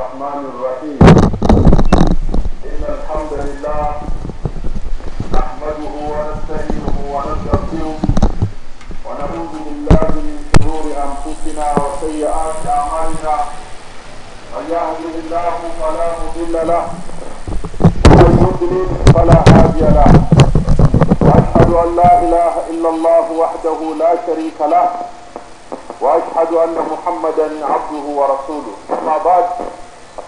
الرحمن الرحيم إن الحمد لله نحمده ونستعينه ونستغفره ونعوذ بالله من شرور أنفسنا وسيئات أعمالنا من يهده الله فلا مضل له ومن يضلل فلا هادي له وأشهد أن لا إله إلا الله وحده لا شريك له واشهد ان محمدا عبده ورسوله اما بعد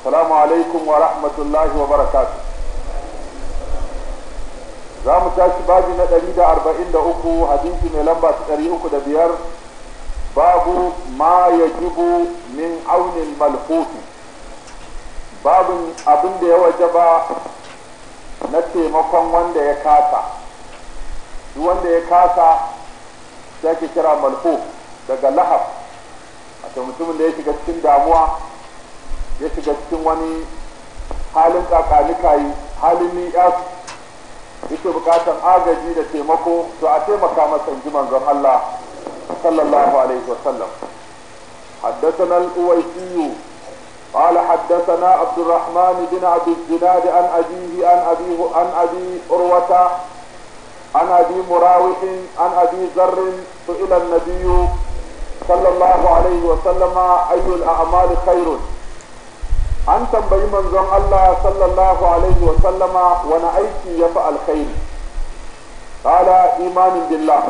assalamu alaikum wa rahmatullahi wa barakatu za mu tashi babi na 143 hadisi mai lamba da biyar babu ma ya min aunin malhufi babu abin da ya wajaba na taimakon wanda ya kasa duk wanda ya kasa sai ake kira malhuf daga lahab a mutumin da ya shiga cikin damuwa ya shiga cikin wani halin kakalikayi halin ni'as yake bukatar agaji da taimako to a taimaka masa in ji manzon Allah sallallahu alaihi wasallam حدثنا الأويسي قال حدثنا عبد الرحمن بن عبد الزناد عن أبيه عن أبي عن أبي أروة عن أبي مراوح عن أبي ذر سئل النبي صلى الله عليه وسلم أي الأعمال خير an tambayi manzon Allah sallallahu alaihi wa sallama wani aiki ya fi alkhairi kala imanin billah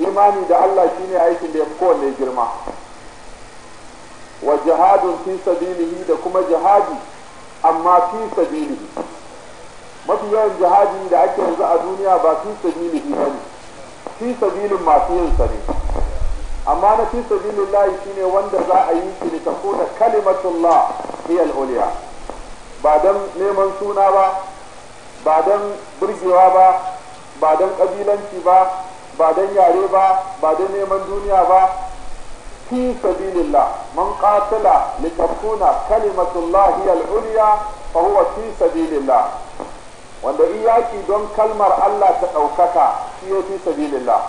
imani da Allah shine aikin da ya fi kowanne girma wa jihadun fi sabilihi da kuma jihadi amma fi sabilihi mafi yawan jihadi da ake yanzu a duniya ba fi sabilihi bane fi sabilin masu yin sa ne amma na fi sabilillahi shine wanda za a yi shi da takuna kalimatullah hiya al-uliya ba dan neman suna ba ba dan burgewa ba ba dan kabilanci ba ba dan yare ba ba dan neman duniya ba fi sabilillah man qatala litakuna kalimatullah hiya al-uliya fa huwa fi sabilillah wanda iyaki don kalmar Allah ta ɗaukaka shi ya fi sabilillah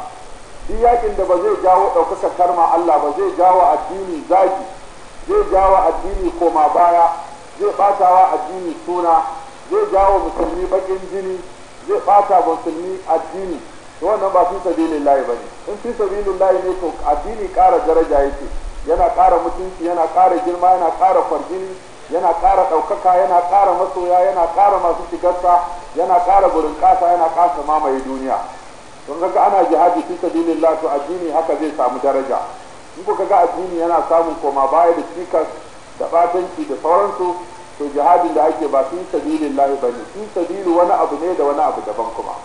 shi yakin da ba zai jawo ɗaukaka karma Allah ba zai jawo addini zagi zai jawo addini koma baya zai ɓatawa addini suna zai jawo musulmi baƙin jini zai ɓata musulmi addini to wannan ba fi sabilin layi ba ne in fi sabilin layi ne to addini ƙara daraja yake yana ƙara mutunci yana ƙara girma yana ƙara kwarjini yana ƙara ɗaukaka yana ƙara masoya yana ƙara masu shigarsa yana ƙara gurin ƙasa yana ƙasa mamaye duniya don kaga ana jihadi fi sabilillah to addini haka zai samu daraja in kuka ga addini yana samun koma baya da cikas da batanci da sauransu to jihadin da ake ba fi sabilillah bane fi sabilu wani abu ne da wani abu daban kuma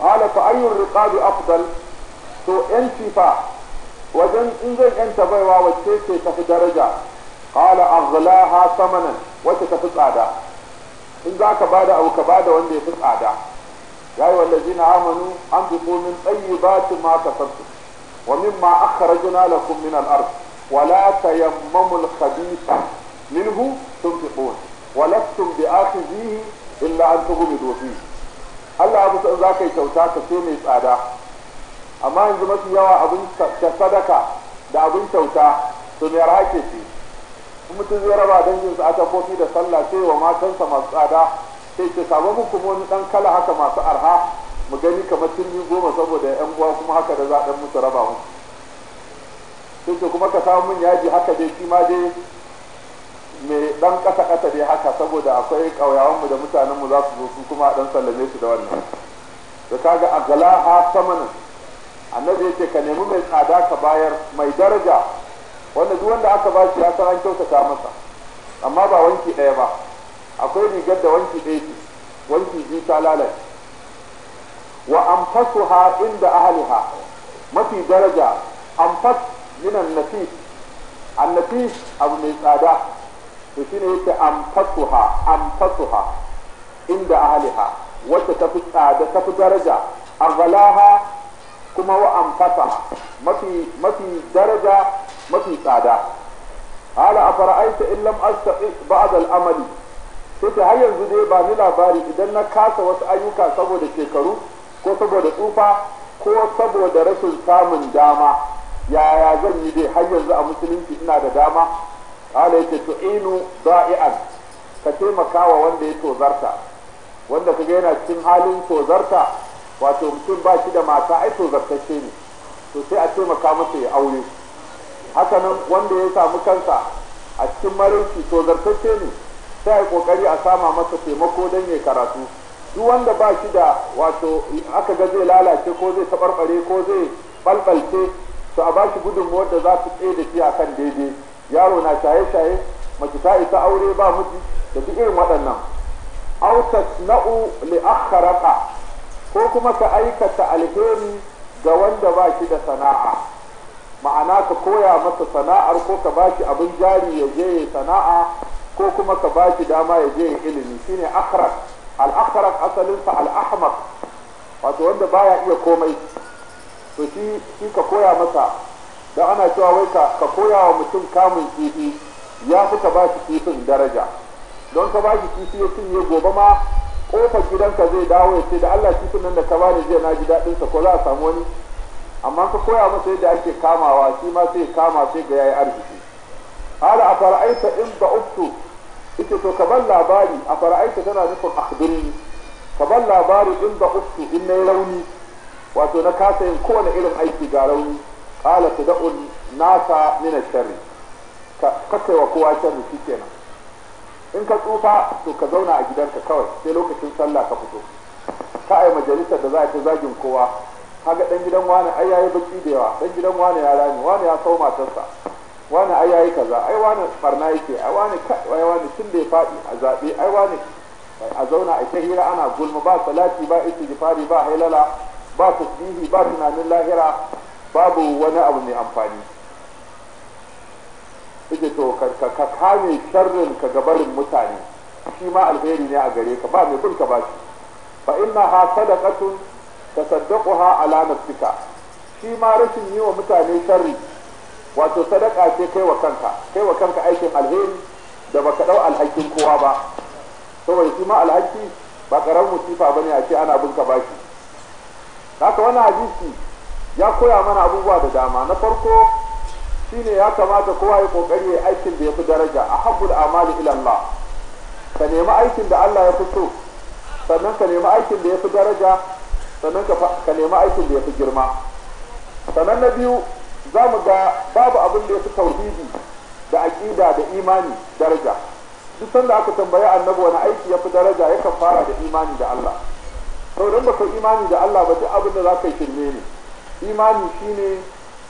qala fa ayyur riqabi afdal to yanci fa wajen in zan yanta baiwa wacce ce tafi daraja qala aghlaha samanan wacce tafi tsada in za ka bada abu ka bada wanda ya fi tsada يا أيها الذين آمنوا أنفقوا من طيبات ما كسبتم ومما أخرجنا لكم من الأرض ولا تيمموا الخبيث منه تنفقون ولستم بآخذيه إلا أن تغمضوا فيه Allah abu san za ka yi kyauta ka mai tsada amma yanzu mafi yawa abin ta sadaka da abin kyauta su mai rake ce in mutum zai raba danginsa a tafofi da sallah sai wa matansa masu tsada sai ce samu muku wani ɗan kala haka masu arha mu gani kamar turmi goma saboda yan uwa kuma haka da za a dan musu raba musu sai ce kuma ka samu min yaji haka dai shi ma dai mai ɗan kasa kasa dai haka saboda akwai kauyawan mu da mutanen mu za su zo su kuma dan sallame su da wannan da kaga a ha samanin annabi yake ka nemi mai tsada ka bayar mai daraja wanda duk wanda aka bashi ya san an kyautata masa amma ba wanki ɗaya ba akwai rigar da wanki ɗaya wanki biyu ta lalace wa anfasuha inda ahliha mafi daraja anfas min a annafis abu mai tsada to shine yake anfasuha anfasuha inda ahliha wacce ta fi tsada ta fi daraja aghalaha kuma wa anfasa mafi mafi daraja mafi tsada a أفرأيت إن لم أستطع بعد الأمل sai har yanzu dai ba ni labari idan na kasa wasu ayyuka saboda shekaru ko saboda tsufa ko saboda rashin samun dama yaya zan yi dai har yanzu a musulunci ina da dama ala yake inu da'i'an ka taimaka wa wanda ya tozarta wanda kaga yana cikin halin tozarta wato mutum ba shi da mata ai tozartacce ne to sai a taimaka masa ya aure hakanan wanda ya samu kansa a cikin marauki tozartacce ne sai kokari a sama masa taimako don ya karatu duk wanda ba shi da wato aka ga zai lalace ko zai tabarbare ko zai balbalce to a bashi gudunmuwar da za su tsaye da shi a kan daidai yaro na shaye-shaye mace ta isa aure ba miji da duk irin waɗannan autas na'u li akharaka ko kuma ka aikata alheri ga wanda ba shi da sana'a ma'ana ka koya masa sana'ar ko ka bashi abin jari ya je sana'a ko kuma ka ba shi dama ya je ya ilimi shine akhraq al akhraq asalin sa al ahmaq wato wanda baya iya komai to shi shi ka koya masa da ana cewa wai ka ka koya wa mutum kamun kifi ya fi ka ba shi kifin daraja don ka ba shi kifi ya cinye gobe ma kofar gidanka zai dawo ya ce da Allah kifin nan da ka bani jiya na ji daɗin sa ko za a samu wani amma ka koya masa yadda ake kamawa shi ma sai kama sai ga yayi arziki قال أفرأيت إن ضعفت ita to kaban labari a fara'aita tana nufin ka kaban labari in da uftu in nayi rauni wato na kasa yin kowane irin aiki ga rauni qala tad'un nasa min sharri ka kace wa kowa sharri shikenan in ka tsufa to ka zauna a gidanka kawai sai lokacin sallah ka fito ka ai majalisar da za ci zagin kowa kaga ɗan gidan wani ai yayi baki da yawa dan gidan wani ya rani wani ya sau matarsa wani ai yayi kaza ai wani farna yake ai wani ai wani tun da ya faɗi a zaɓe ai wani a zauna a ta hira ana gulma ba salati ba istighfari ba hailala ba tasbihi ba tunanin lahira babu wani abu mai amfani ita to ka kame sharrin ka gabarin mutane shi ma alheri ne a gare ka ba mai bin ka ba shi fa inna ha sadaqatun tasaddaquha ala nafsika shi ma rashin yi wa mutane sharri wato sadaka ce kai wa kanka kai wa kanka aikin alheri da baka dau alhakin kowa ba saboda shi ma alhaki ba karamin musifa bane a ce ana bin ka haka wannan hadisi ya koya mana abubuwa da dama na farko shine ya kamata kowa ya kokari ya aikin da ya fi daraja a da amali ila Allah ka nemi aikin da Allah ya fi so sannan ka nemi aikin da ya fi daraja sannan ka nemi aikin da ya fi girma sannan na biyu za mu ga babu abin da ya fi tauhidi da aƙida da imani daraja duk sanda aka tambaya annabi wani aiki ya fi daraja yakan fara da imani da Allah sau don baka imani da Allah ba duk abin da za ka yi shirme ne imani shine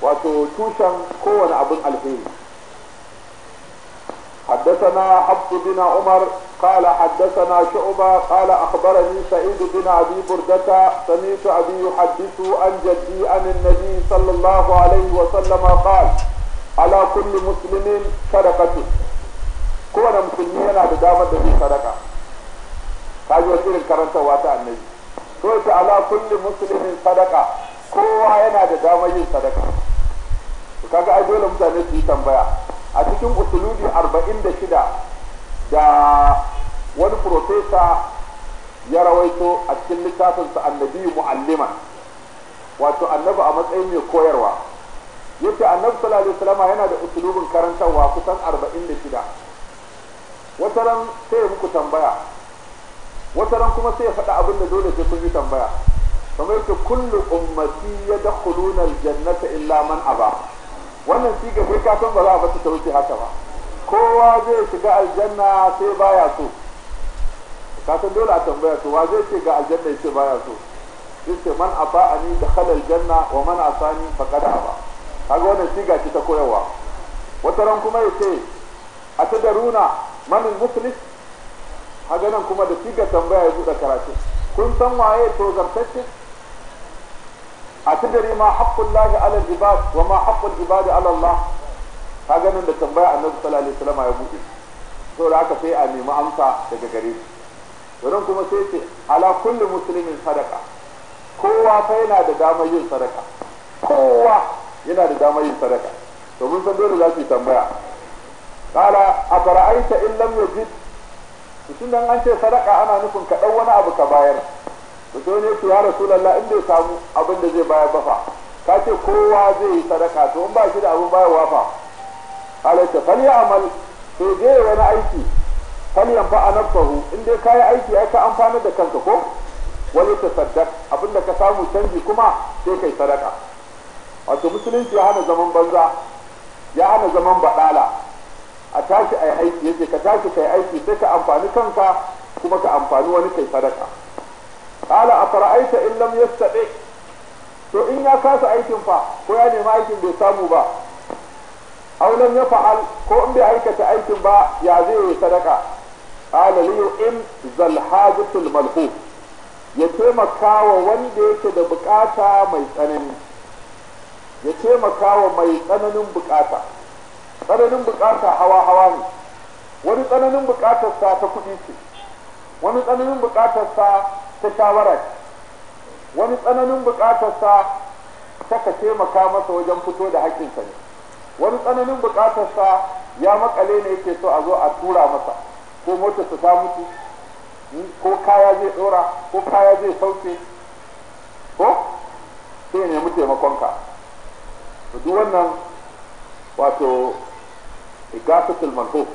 wato tushen kowane abin alheri حدثنا عبد بن عمر قال حدثنا شعبة قال أخبرني سعيد بن أبي بردة سمعت أبي يحدث عن جدي عن النبي صلى الله عليه وسلم قال على كل مسلم صدقة كون مسلمين على دامة صدقة kaji wasu irin karantarwa ta annabi to ita ala kulli muslimin sadaka kowa yana da damar yin sadaka to kaga ai dole mutane su yi tambaya a cikin usulubi 46 da wani profesa ya rawaito a cikin littafinsa annabi mu'allima wato annabi a matsayin mai koyarwa yace annabi sallallahu alaihi wasallam yana da usulubin karantarwa kusan 46 wata ran sai ya muku tambaya wata ran kuma sai ya faɗa abin da dole sai kun yi tambaya kamar yadda ya ummati yadkhuluna aljannata illa man aba wannan siga kai kasan ba za a bata ta wuce haka ba kowa zai shiga aljanna sai baya so ka dole a tambaya to wa zai ce ga aljanna ya ce baya so a ce man ni da khalal janna wa man asani kada ba kaga wannan siga ci ta koyarwa wata ran kuma ya ce a ta da runa manin muflis haganan kuma da siga tambaya ya buɗe karatu kun san waye to zartacce a ma ma حق ala على wa ma haƙƙun العباد ala Allah ka ganin da tambaya annabi sallallahu alaihi wasallam ya buɗe to da aka sai a nemi amsa daga gare shi wurin kuma sai ce ala kulli muslimin sadaka kowa fa yana da damar yin sadaka kowa yana da damar yin sadaka to mun san dole za su yi tambaya a fara'aita in lam yajid tun an ce sadaka ana nufin ka wani abu ka bayar da sai ne ce ya rasulallah in bai samu abin da zai bayar bafa fa ka ce kowa zai yi sadaka to in ba shi da abin baya wafa halitta fal ya amal sai je wani aiki fal yanfa a nafahu in dai kayi aiki ya ka amfana da kanka ko wani ta saddar abin da ka samu canji kuma sai kai sadaka wato musulunci ya hana zaman banza ya hana zaman badala a tashi yi aiki yace ka tashi yi aiki sai ka amfani kanka kuma ka amfani wani kai sadaka a fara'aita in lam yastati to in ya kasa aikin fa ko ya nemi aikin bai samu ba aw lam yaf'al ko in bai aikata aikin ba ya zai yi sadaka qala li in zal hajatul ya taimaka wa wanda yake da bukata mai tsanani ya taimaka wa mai tsananin bukata tsananin bukata hawa hawa ne wani tsananin bukatar sa ta kuɗi ce wani tsananin buƙatar sa ta shawara wani tsananin buƙatar sa ta ka taimaka masa wajen fito da haƙƙinsa ne wani tsananin buƙatar sa ya makale ne yake so a zo a tura masa ko motarsa ta mutu ko kaya zai ɗora ko kaya zai sauke ko sai taimakon nemi taimakonka duk wannan wato igasatul manhuf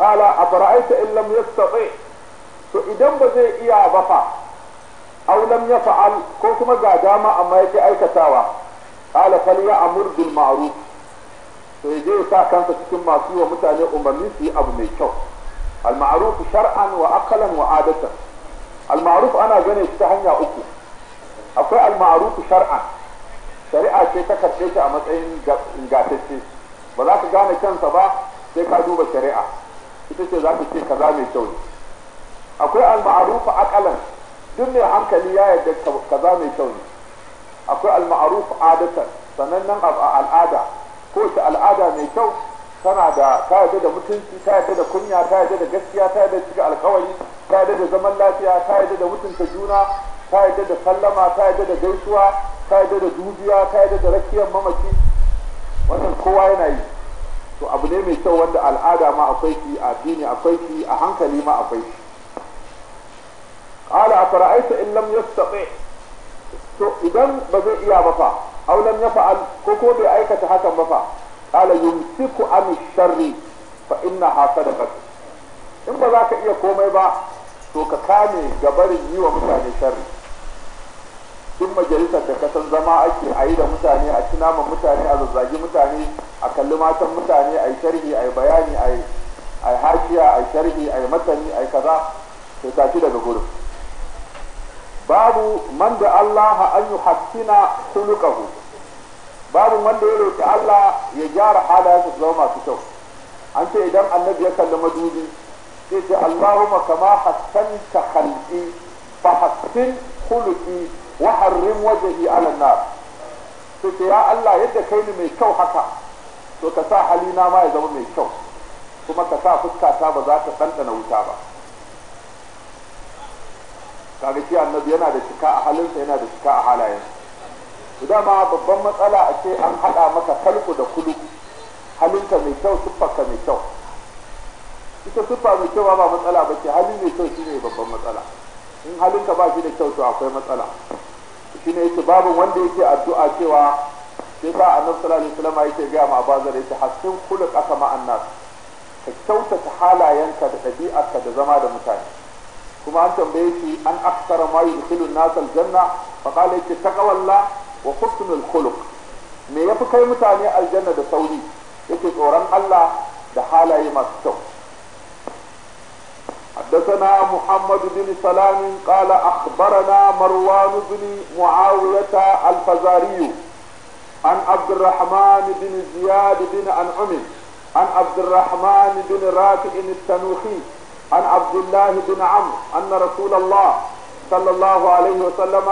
a fara'aita in lam yastati to idan ba zai iya ba fa aw ya fa'al ko kuma ga dama amma yake aikatawa qala falya a bil ma'ruf to yaje ya sa kansa cikin masu yi wa mutane umarni su yi abu mai kyau al ma'ruf shar'an wa aqlan wa adatan al ma'ruf ana gane shi ta hanya uku akwai al ma'ruf shar'an shari'a ce ta karɓe shi a matsayin gatacce ba za ka gane kansa ba sai ka duba shari'a ita ce za ta ce kaza mai kyau ne akwai al-ma'rufa aqalan duk mai hankali ya yarda kaza mai kyau ne akwai al-ma'ruf adatan sanannen al'ada ko ta al'ada mai kyau tana da ta yarda da mutunci ta yarda da kunya ta yarda da gaskiya ta yarda da cika alkawari ta yarda da zaman lafiya ta yarda da mutunta juna ta yarda da sallama ta yarda da gaisuwa ta yarda da dubiya ta yarda da rakiyar mamaci wannan kowa yana yi to abu ne mai kyau wanda al'ada ma akwai shi a addini akwai shi a hankali ma akwai shi qala afara'aita in lam yastati to idan ba zai iya ba fa aw lam yaf'al ko ko bai aikata hakan ba fa qala yumsiku an sharri fa innaha sadaqat in ba za ka iya komai ba to ka kame gabarin yi wa mutane sharri duk majalisar da kasan zama ake a yi da mutane a ci naman mutane a zazzagi mutane a kalli matan mutane a yi sharhi a yi bayani a yi hashiya a yi sharhi a yi matani a yi kaza sai tashi daga gurin babu man da Allah an yi sulukahu babu wanda ya roƙi Allah ya gyara halayen zama masu kyau an ce idan annabi ya kalli madubi sai ce Allahumma kama hassanta khalqi fa hassin khuluqi wa harrim wajhi ala nar sai ya Allah yadda kai ni mai kyau haka to ka sa halina ma ya zama mai kyau kuma ka sa fuskata ba za ta ɗanɗana wuta ba kaga shi annabi yana da cika a halinsa yana da cika a halayen dama babban matsala a ce an haɗa maka kalku da kulu halinka mai kyau siffarka mai kyau ita siffa mai kyau ba matsala ba ce halin mai kyau shine babban matsala in halinka ba shi da kyau to akwai matsala shine yake babu wanda yake addu'a cewa sai ba annabi sallallahu alaihi wasallam yake gaya ma bazar yake hasin khuluqaka ma'an nas ka kyautata halayenka da ɗabi'arka da zama da mutane kuma an tambaye shi an aksara ma yudkhilu an-nas al-janna fa qala yake taqwalla wa husnul khuluq me yafi kai mutane aljanna da sauri yake tsoron Allah da halaye masu kyau حدثنا محمد بن سلام قال أخبرنا مروان بن معاوية الفزاري عن عبد الرحمن بن زياد بن أنعم عن عبد الرحمن بن رافع التنوخي عن عبد الله بن عمرو أن رسول الله صلى الله عليه وسلم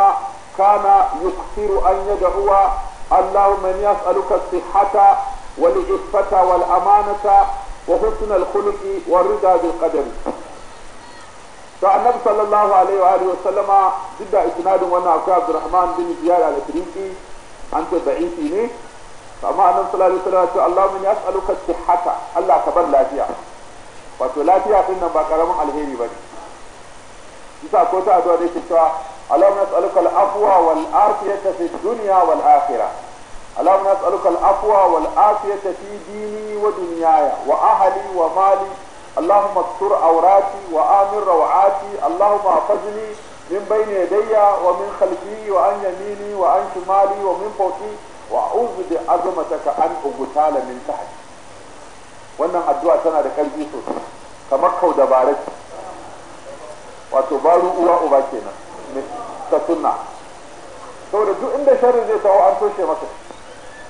كان يكثر أن يدعو اللهم من يسألك الصحة والعفة والأمانة وحسن الخلق والرضا بالقدر to annabi sallallahu alaihi wa alihi wasallama duk da isnadin wannan akwai abdurrahman bin ziyad al-tirmidhi an ce da'ifi ne amma annabi sallallahu alaihi wasallam ce Allahumma inni as'aluka sihhata Allah ka bar lafiya wato lafiya din nan ba karamin alheri bane bisa ko ta addu'a dai cewa Allahumma as'aluka al-afwa wal afiyata fi dunya wal akhirah Allahumma as'aluka al-afwa wal afiyata fi dini wa dunyaya wa ahli wa mali اللهم استر عوراتي وآمن روعاتي اللهم احفظني من بين يدي ومن خلفي وعن يميني وعن شمالي ومن فوقي بعظمتك من تحتي wannan addu'a tana da ƙarfi sosai kamar kau da baraki wato baru uwa uba kenan ta sunna saboda duk inda sharri zai tawo an toshe masa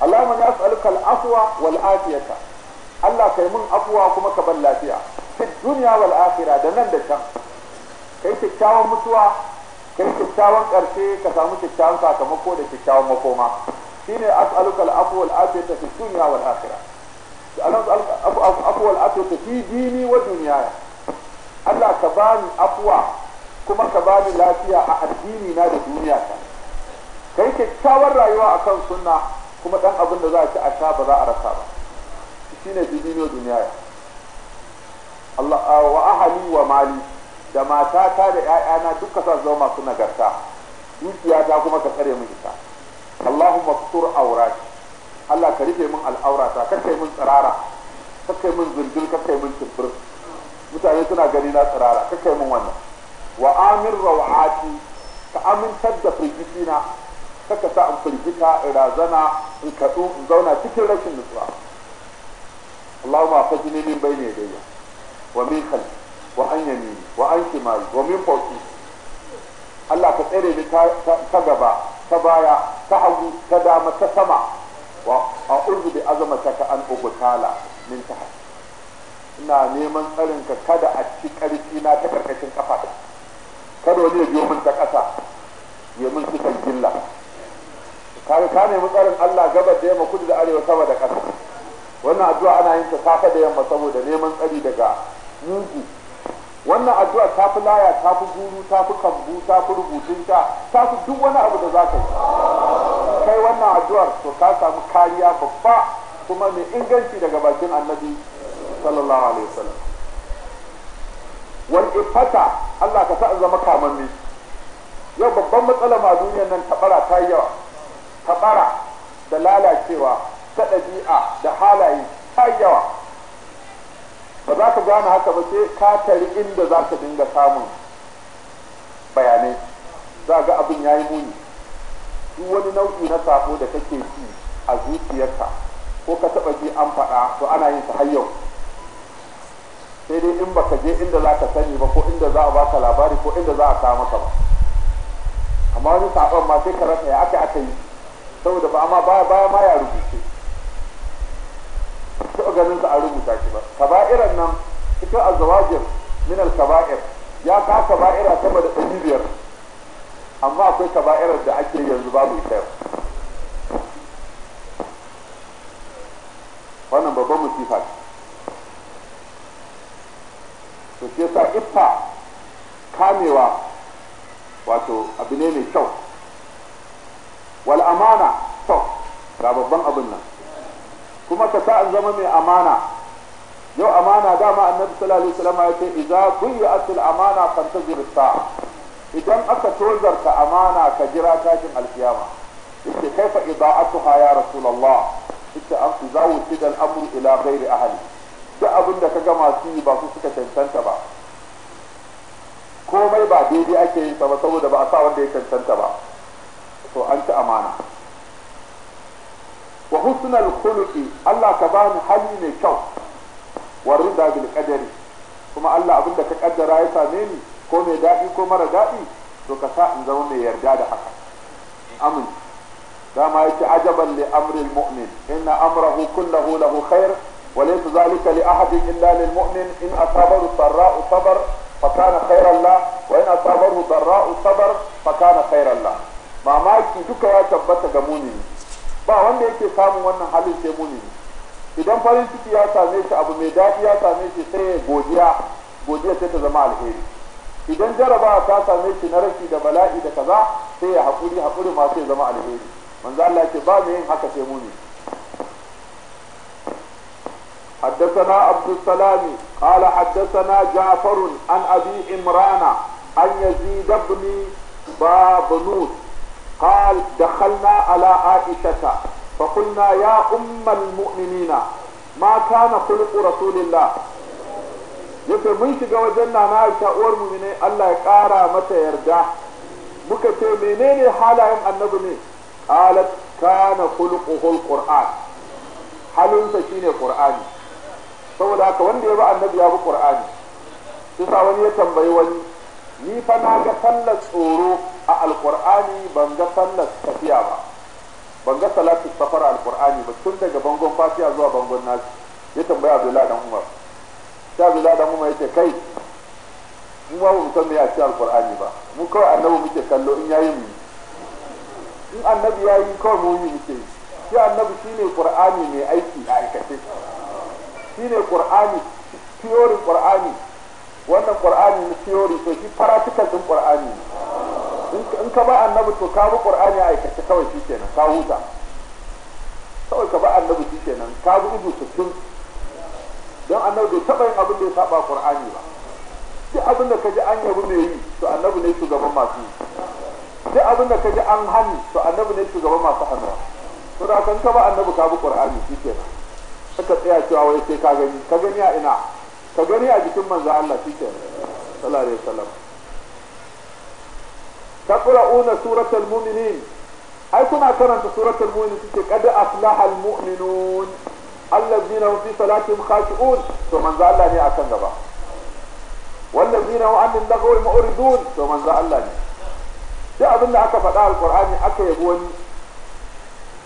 Allahumma ya as'aluka al-afwa wal afiyata Allah kai mun afuwa kuma ka ban lafiya fi duniya wal akhirah da nan da can kai kyakkyawan mutuwa kai kyakkyawan karshe ka samu kyakkyawan sakamako da kyakkyawan makoma shine as'aluka al-afwa wal afiyata fi dunya wal akhirah al'afwa al'afiyata fi dini wa duniya. Allah ka bani afuwa kuma ka bani lafiya a addini na da duniya ta kai kyakkyawan rayuwa akan sunna kuma dan abin da za a ci a sha ba za a rasa ba shine fi dino duniya Allah ah, wa ahali wa mali da matata da yayana duka sa zama masu nagarta ta kuma ka tsare min ita Allahumma ftur awrati Allah ka rufe min al'aurata ka kai min tsirara ka kai min zundul ka kai min timbir mutane suna gani na tsirara ka kai min wannan wa amir rawati ka amintar da firgitina kaka sa in firgita in razana in kaɗu in zauna cikin rashin nutsuwa اللهم اخرجني من بين يدي ومن خلفي وعن يميني وعن شمالي ومن فوقي Allah ka tsere ni ta gaba ta baya ta hagu ta dama ta sama an ina neman tsarin ka kada a ci ƙarfi na ta ƙarƙashin ƙafa. kada wani ya biyo min ta kasa ya min kisan gilla kare ka nemi tsarin Allah gaba da yamma kudu da arewa sama da ƙasa. wannan addu'a ana yin ta safe da yamma saboda neman tsari daga mugu wannan addu'a ta fi laya ta fi guru ta fi kambu ta fi rubutun ta ta fi duk wani abu da za ka yi kai wannan addu'ar to ka samu kariya babba kuma mai inganci daga bakin annabi sallallahu alaihi wasallam wal ifata Allah ka sa zama kamanni yau babban matsala ma duniyar nan tabara ta yawa tabara da lalacewa ta ɗabi'a da halaye ta yawa ba za ka gane haka ba sai ka tari inda za ka dinga samun bayanai za ga abin ya yi muni duk wani nau'i na sabo da kake ci a zuciyarka ko ka taɓa ji an faɗa to ana yin ta har yau sai dai in baka je inda za ka sani ba ko inda za a baka labari ko inda za a sa maka ba amma wani saɓon ma sai ka rasa ya aka yi saboda ba amma baya ya rubuce taɓa ganin sa a rubuta shi ba kaba'iran nan ita a min minal kabair ya ka kaba'ira sama da ɗari biyar amma akwai kaba'irar da ake yanzu babu ita wannan babban musifa ce to shi yasa iffa kamewa wato abu ne mai kyau wal amana kyau ga babban abin nan kuma ka sa an zama mai amana yau amana dama annabi sallallahu alaihi wasallam ya ce idza buyi'atul amana fantazir sa'a idan aka tozarta amana ka jira tashin alkiyama yace kaifa idza'atuha ya rasulullah yace an idza wutida al-amru ila ghairi ahli duk abin ka gama su ba su suka tantanta ba komai ba daidai ake yin ba saboda ba a sa wanda ya tantanta ba to an ci amana wa husnal khuluqi Allah ka bani hali mai kyau warin da bil qadari kuma Allah abin da ka kaddara ya same ni ko mai daɗi ko mara daɗi to ka sa in zama mai yarda da haka amin dama yake ajaban li amril mu'min inna amrahu kullahu lahu khair wa laysa zalika li ahadin illa lil mu'min in asabahu sarra'u sabar fakana khairan la wa in asabahu darra'u sabar fakana khairan la mamaki duka ya tabbata ga mu'mini ba wanda yake samun wannan halin sai mumini idan farin ciki ya same shi abu mai daɗi ya same shi sai ya godiya godiya sai ta zama alheri idan jarabawa ta same shi na rashi da bala'i da kaza sai ya haƙuri haƙuri ma sai zama alheri manzo Allah ce ba mai yin haka sai mumini حدثنا عبد السلام قال حدثنا جعفر عن ابي عمران عن يزيد بن بابنوس قال دخلنا على عائشة فقلنا يا أم المؤمنين ما كان خلق رسول الله yace mun shiga wajen na na Aisha uwar mumine Allah ya kara mata yarda muka ce menene halayen annabi ne qalat kana khuluquhul qur'an halinsa shine qur'ani saboda haka wanda ya bi annabi ya bi qur'ani sai wani ya tambayi wani ni fa na ga sallar tsoro a alkur'ani ban ga sallar tafiya ba ban ga salatu safar alkur'ani ba tun daga bangon fatiha zuwa bangon nasi ya tambaya abdullahi dan umar sai abdullahi dan umar yace kai mu ba mu san me a ci alkur'ani ba mu kawai annabi muke kallo in yayi mu in annabi yayi kawai mu yi muke shi annabi shine qur'ani mai aiki a aikace shine qur'ani tiyorin qur'ani wannan qur'ani na theory to shi practical din qur'ani in ka ba annabi to ka bi qur'ani aikace kawai shi kenan ka huta kawai ka ba annabi shi kenan ka bi ubu sittin don annabi bai taɓa yin abin da ya saba qur'ani ba duk abin da ka ji an yabi mai yi to annabi ne shugaban masu yi duk abin da ka ji an hani to annabi ne shugaban masu hannu to da kan ka ba annabi ka bi qur'ani shi kenan saka tsaya cewa wai sai ka gani ka gani a ina ka gani a jikin manzo Allah shi ke sallallahu alaihi wasallam una suratul mu'minin ai kuna karanta suratul mu'minin suke kada aflaha al mu'minun allazina fi salatihim khashi'un to manzo Allah ne akan gaba wallazina hum 'anil lagwi mu'ridun to manzo Allah ne Sai abin da aka faɗa alqur'ani aka yabu wani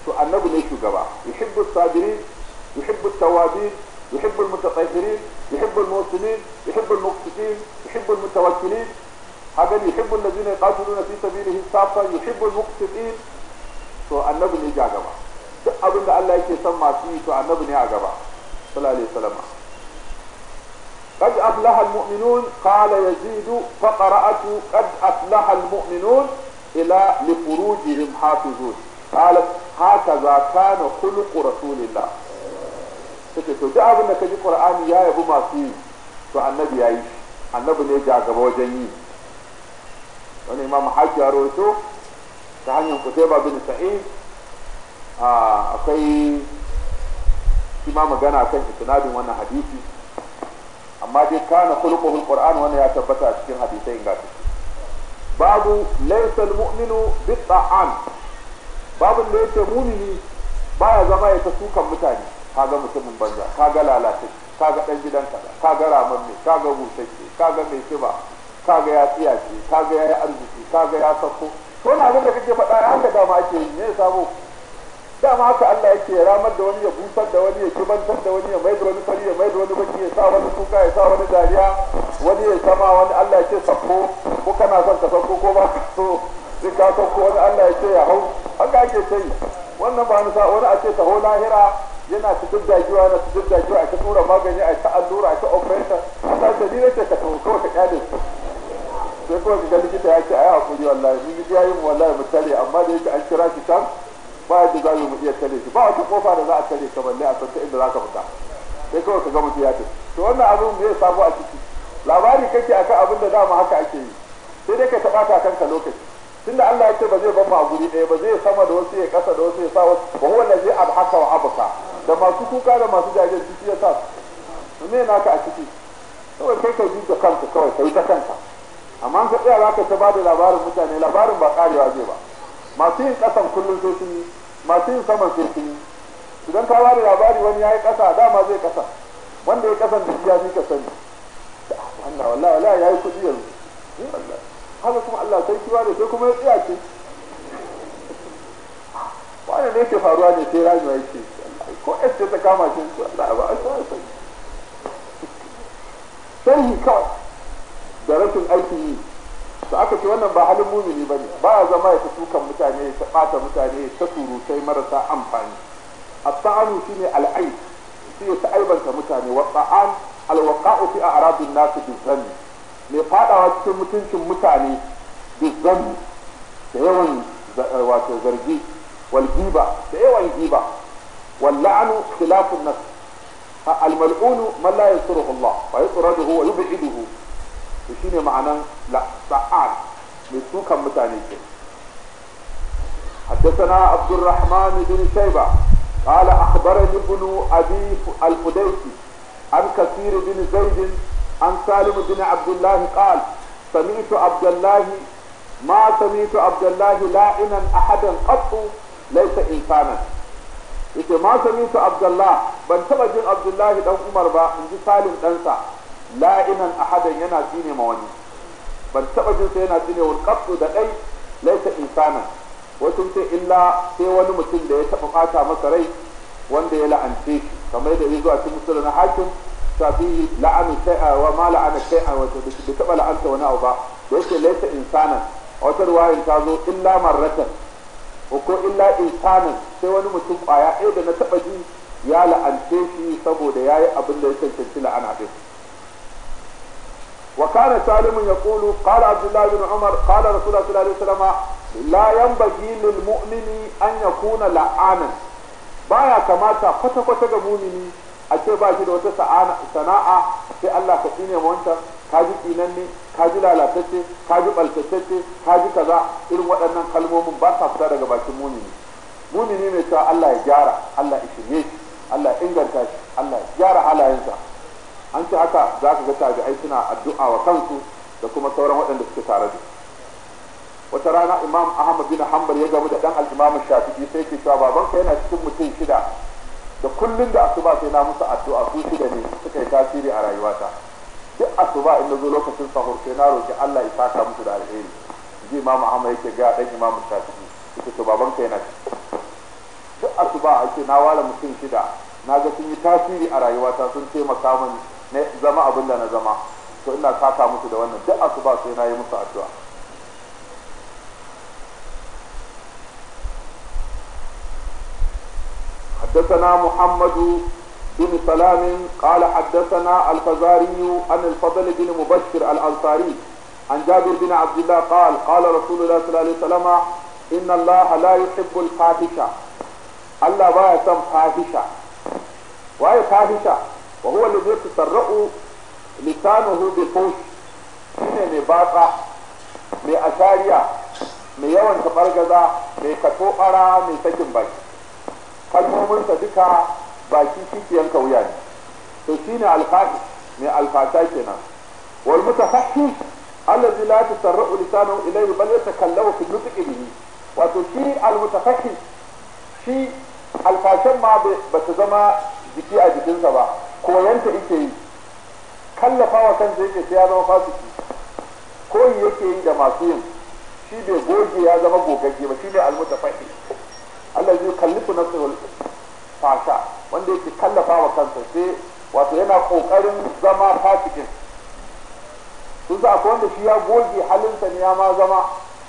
su annabi ne shugaba yuhibbu sabirin yuhibbu tawabin يحب المتقيسرين يحب الموصلين يحب المقسطين يحب المتوكلين حاجه يحب الذين يقاتلون في سبيله السابقة يحب المقسطين سوى annabi ne ja gaba duk abin da Allah yake son masu yi to annabi قد أفلح المؤمنون قال يزيد فقرأت قد أفلح المؤمنون إلى لفروجهم حافظون قالت هكذا كان خلق رسول الله take to duk abin da ka ji qur'ani ya yabu masu yi to annabi ya yi annabi ne ja gaba wajen yi wani imam hajji ya rawaito ta hanyar kutaiba bin sa'id akwai shi ma magana kan isnadin wannan hadisi amma dai kana khuluquhul qur'an wannan ya tabbata cikin hadisai su babu muminu almu'minu ta'am babu da yake mumini baya zama ya ta sukan mutane Ka ga mutumin banza ka ga lalace ka ga dan gidan ka ga ka ga ramamme ke, busasshe ga mai kiba ka ga ya tsiyace ga ya yi arziki ga ya sako to na abin da kake faɗa ya haka dama ake yi ne sabo dama haka Allah yake ramar da wani ya busar da wani ya kibantar da wani ya mai da wani fari ya mai da wani baki ya sa wani kuka ya sa wani dariya wani ya sama wani Allah ya sako ko kana son ka sako ko ba so duk ka sako wani Allah ya ya hau haka ake sai wannan ba wani a ce taho lahira yana da jiwa na da jiwa a ta tura magani a ta allura a ta operator ta sani na ce ka tawo kawai ka kyale sai kuma ga likita ya ce a yi hakuri wallahi mun yi yayin wallahi mu tare amma da yake an kira shi can ba yadda za mu iya tare shi ba ta kofa da za a tare ka ne a san ta inda za ka fita sai kawai ka ga mutum ya to wannan abin mu ya samu a ciki labari kake akan abin da dama haka ake yi sai dai ka taɓa ta kanka lokaci tunda Allah ya ce ba zai ba a guri ba zai sama da wasu ya kasa da wasu ya sa wasu ba huwa zai abhaka wa abuka da masu kuka da masu jaje su ya sa su me naka a ciki kawai kai ka da kanka kawai kai ta kanka amma ka tsaya za ka ba da labarin mutane labarin ba karewa zai ba masu yin kasan kullum sai sun yi masu yin saman sai sun yi idan ka bada labari wani ya yi kasa dama zai kasa wanda ya kasan da ya fi ka sani wannan wallahi wallahi ya yi kuɗi yanzu haka kuma Allah sai ba da sai kuma ya tsaya ce wani ne ke faruwa ne sai rami ya ce ko yadda ta kama shi su Allah ba a sa sai kawai da rashin aiki yi to aka ce wannan ba halin mumini bane ba ya zama ya tukan mutane ta bata mutane ta surutai marasa amfani at shine al'ai su sai ta aibanta mutane wa ba'an al-waqa'u fi a'radin nasu bi mai fadawa cikin mutuncin mutane duk da yawan eh, wato zargi wal giba da yawan giba wal la'anu khilafun nas al mal'unu man la yansuruhu Allah wa yusraduhu wa yub'iduhu to shine ma'anan la sa'ad mai sukan mutane ke حدثنا عبد الرحمن بن شيبة قال أخبرني ابن أبي الفديسي عن كثير بن زيد عن سالم بن عبد الله قال سمعت عبد الله ما سمعت عبد الله لائنا أحدا قط ليس إنسانا yace ma samitu abdullah ban taba jin abdullahi dan umar ba in ji salim ɗansa la'inan ahadan yana tsine ma wani ban taba jin sa yana tsine wani kafsu da ɗai laisa insana wasu sai illa sai wani mutum da ya taɓa fata masa rai wanda ya la'ance shi kamar da ya zuwa cikin musulun hakim wa ma a لعن شيئا وما la'anta wani abu ba وناو با ليس ليس a wata ruwayin ta zo illa marratan ko illa isanan sai wani mutum kwaya ɗaya da na taba ji ya la'ance shi saboda yayi abin da ya cancanci la'ana ɗin wa kana salimun ya kulu qala abdullah bin umar qala rasulullah sallallahu alaihi wasallam la yanbaghi lil mu'mini an yakuna la'anan baya kamata kwata kwata ga mu'mini a ce ba shi da wata sana'a sai Allah ka tsine ma wancan ka ji tsinanne ka ji lalatacce ka ji ɓaltatacce ka ji kaza irin waɗannan kalmomin ba sa fita daga bakin mumini mumini mai cewa Allah ya gyara Allah ya shirye shi Allah ya inganta shi Allah ya gyara halayensa an ce haka za ka ga ai suna addu'a wa kansu da kuma sauran waɗanda suke tare da wata rana imam ahmad bin hanbal ya gamu da dan al-imam shafi'i sai ke cewa babanka yana cikin mutum shida da kullum da asuba sai na musu addu'a su da ne suka yi tasiri a rayuwata duk asuba in na zo lokacin sahur sai na roki Allah ya saka musu da alheri ji imamu Ahmad yake ga dan imamu Shafi'i yake to baban kai na duk asuba ake na wala mutum shida na ga sun yi tasiri a rayuwata sun ce taimaka ne zama abin da na zama to ina saka musu da wannan duk asuba sai na yi musu addu'a حدثنا محمد بن سلام قال حدثنا الفزاري عن الفضل بن مبشر الأنصاري عن جابر بن عبد الله قال قال رسول الله صلى الله عليه وسلم إن الله لا يحب الفاحشة الله با يسم فاحشة وهي فاحشة وهو الذي يتسرع لسانه بالفوش shine mai batsa mai ashariya mai yawan tabargaza mai katobara mai sakin baki kalmominsa duka baki shi yanka wuya ne to shine alfahi mai alfata kenan wal mutafahhi allazi la tasarra'u lisanu ilayhi bal yatakallamu fi nutqi bihi wato shi al shi alfashin ma ba ta zama jiki a jikinsa ba koyanta yake yi kallafa wa kansa yake sai ya zama fasiki koyi yake yi da masu yin shi bai goge ya zama gogagge ba shi ne Allah zai kallifu na tsawon fasha wanda yake kallafa wa kansa sai wato yana kokarin zama fasikin sun sa akwai wanda shi ya goge halinsa ne ya ma zama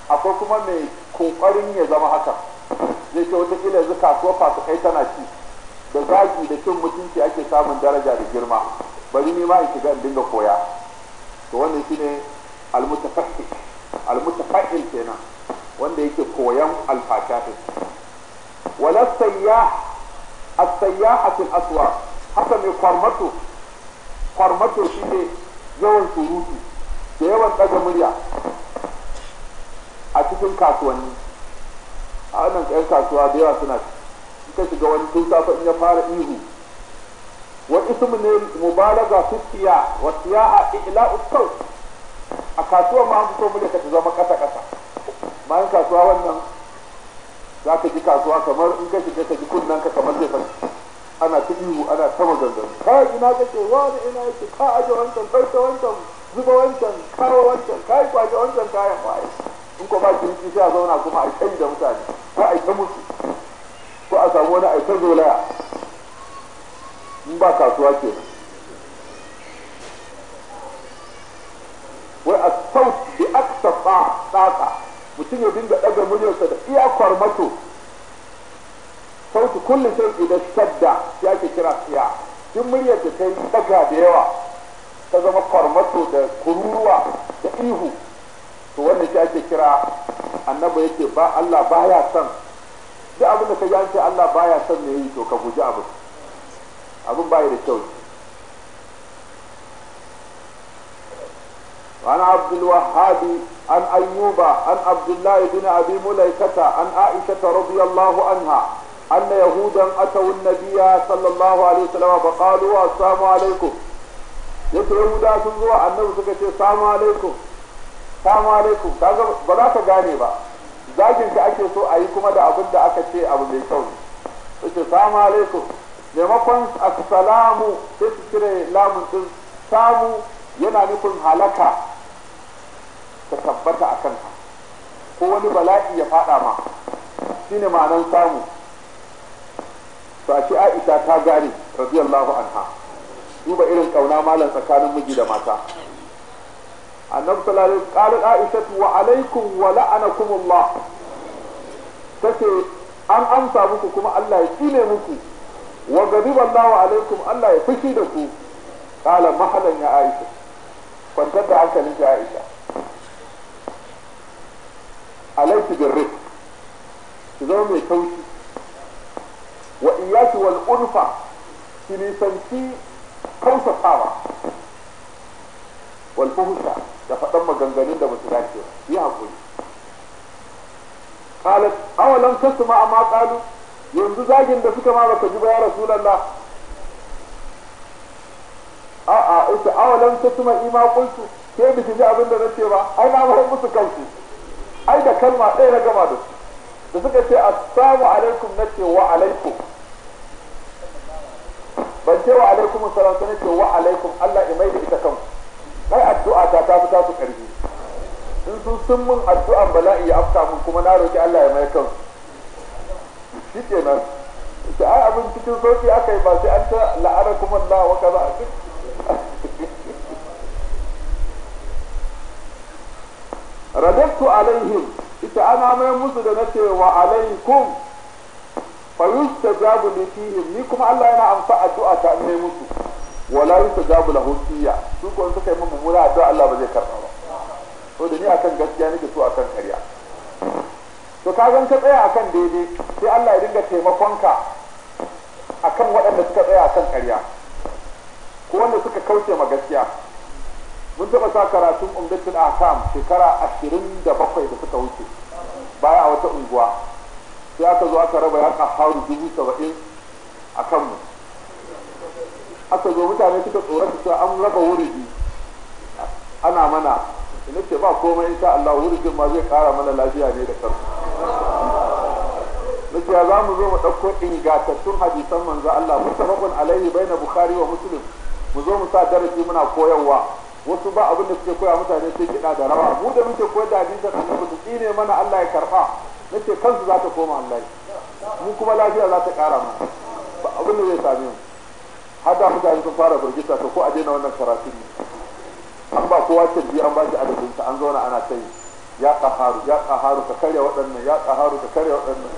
akwai kuma mai kokarin ya zama haka zai ce wataƙila yanzu kasuwar fasikai tana ci da zagi da cin mutunci ake samun daraja da girma bari ne ma in shiga dinga koya to wannan shine ne almutafa'il kenan wanda yake koyan alfashafin wala sayyah as-sayyahatul aswa haka mai kwarmato kwarmato shine yawan surutu da yawan ɗaga murya a cikin kasuwanni a wannan kayan kasuwa da suna suka tun safa in ya fara ihu wa ismu ne mubalaga fi siya wa siyaha ila'u saut a kasuwa ma an fito murya ka ta zama kasa kasa bayan kasuwa wannan za ka ji kasuwa kamar in ka shiga ka ji kunnen ka kamar zai fashi ana ta ihu ana ta maganganu ka ina kake wani ina ce ka aje wancan ta wancan zuba wancan kawo wancan ka yi kwaje wancan kayan waye in ko ba yi sai a zauna kuma a kai da mutane ko a musu ko a samu wani a ta zolaya in ba kasuwa ke wai a sauti bi aksa ba tsaka mutum ya dinga ɗaga muryarsa da iya kwarmato sautu kulli sai idan shadda ya ke kira siya duk muryar da ta yi daga da yawa ta zama kwarmato da kururuwa da ihu to wannan shi ake kira annabi yake ba Allah baya son duk abin da ka ji an ce Allah baya son ne yi to ka guji abin abin baya da kyau عن عبد الوهاب عن أيوب عن عبد الله بن أبي مليكة عن عائشة رضي الله عنها أن يهودا أتوا النبي صلى الله عليه وسلم فقالوا السلام عليكم يقول يهودا سنزوا zo annabi السلام عليكم السلام عليكم بلا alaikum kaga ka zagin ka ake so a yi kuma da abin da aka ce abu mai kyau ne ce salamu alaikum maimakon assalamu sai su cire lamun din samu yana nufin halaka ka tabbata a kanka ko wani bala'i ya faɗa ma shine ma'anan samu to Aisha ta gane radiyallahu anha duba irin kauna malam tsakanin miji da mata annabi sallallahu alaihi wasallam Aisha wa alaikum wa la'anakumullah tace an amsa muku kuma Allah ya tsine muku wa ghadiballahu alaikum Allah ya fushi da ku qala mahalan ya Aisha kwantar da hankalin Aisha alaiki bin rik ki zama mai taushi wa iyaki wal urfa ki nisanci kausatawa wal fuhusha da faɗan maganganun da basu dace ba yi hakuri qalat awalam tasma amma qalu yanzu zagin da suka ma baka ji ba ya a'a ita awalam tasma ima qultu ke bi ji abin da nace ba ai na bar musu kansu ai da kalma ɗaya na gama da su da suka ce assalamu alaikum na ce wa alaikum ban ce wa alaikum salam sai ce wa alaikum Allah ya maida ita kanku ai addu'a ta ta fi tasu karfi in sun sun mun addu'an bala'i ya afka mun kuma na roki Allah ya mai kansu shikenan sai ai abin cikin sauki aka yi ba sai an ta la'arakum Allah wa kaza duk tu alaihim ita ana mai musu da na ce wa alaikum fa zabu li fihim ni kuma Allah yana amsa addu'a ta mai musu wala yustajabu lahu fiya su ko suka yi mummu mura addu'a Allah ba zai karba ba to da ni akan gaskiya nake so akan karya, to ka gan ka tsaya akan daidai sai Allah ya dinga taimakonka akan waɗanda suka tsaya akan karya ko wanda suka kauce ma gaskiya mun taɓa sa karatun umdatul akam shekara ashirin da bakwai da suka wuce baya a wata unguwa sai aka zo aka raba yan haru dubu saba'in a kanmu aka zo mutane suka tsorata cewa an raba wuri ana mana ina ce ba komai insha Allah wurin ma zai kara mana lafiya ne da karfi na ce za mu zo mu ɗauko ingantattun hadisan manzo Allah mutafaqun alaihi baina bukhari wa muslim mu zo mu sa darasi muna koyarwa wasu ba abin da suke koya mutane sai kiɗa da rawa mu da muke koyar da da annabi su tsine mana Allah ya karba nace kansu za ta koma Allah mu kuma lafiya za ta ƙara mu ba abin da zai same mu har da mutane sun fara burgita to ko a daina wannan karatu ne an ba kowa tabbi an ba shi adadin ta an zauna ana sai ya qaharu ya qaharu ka karya waɗannan ya qaharu ka karya waɗannan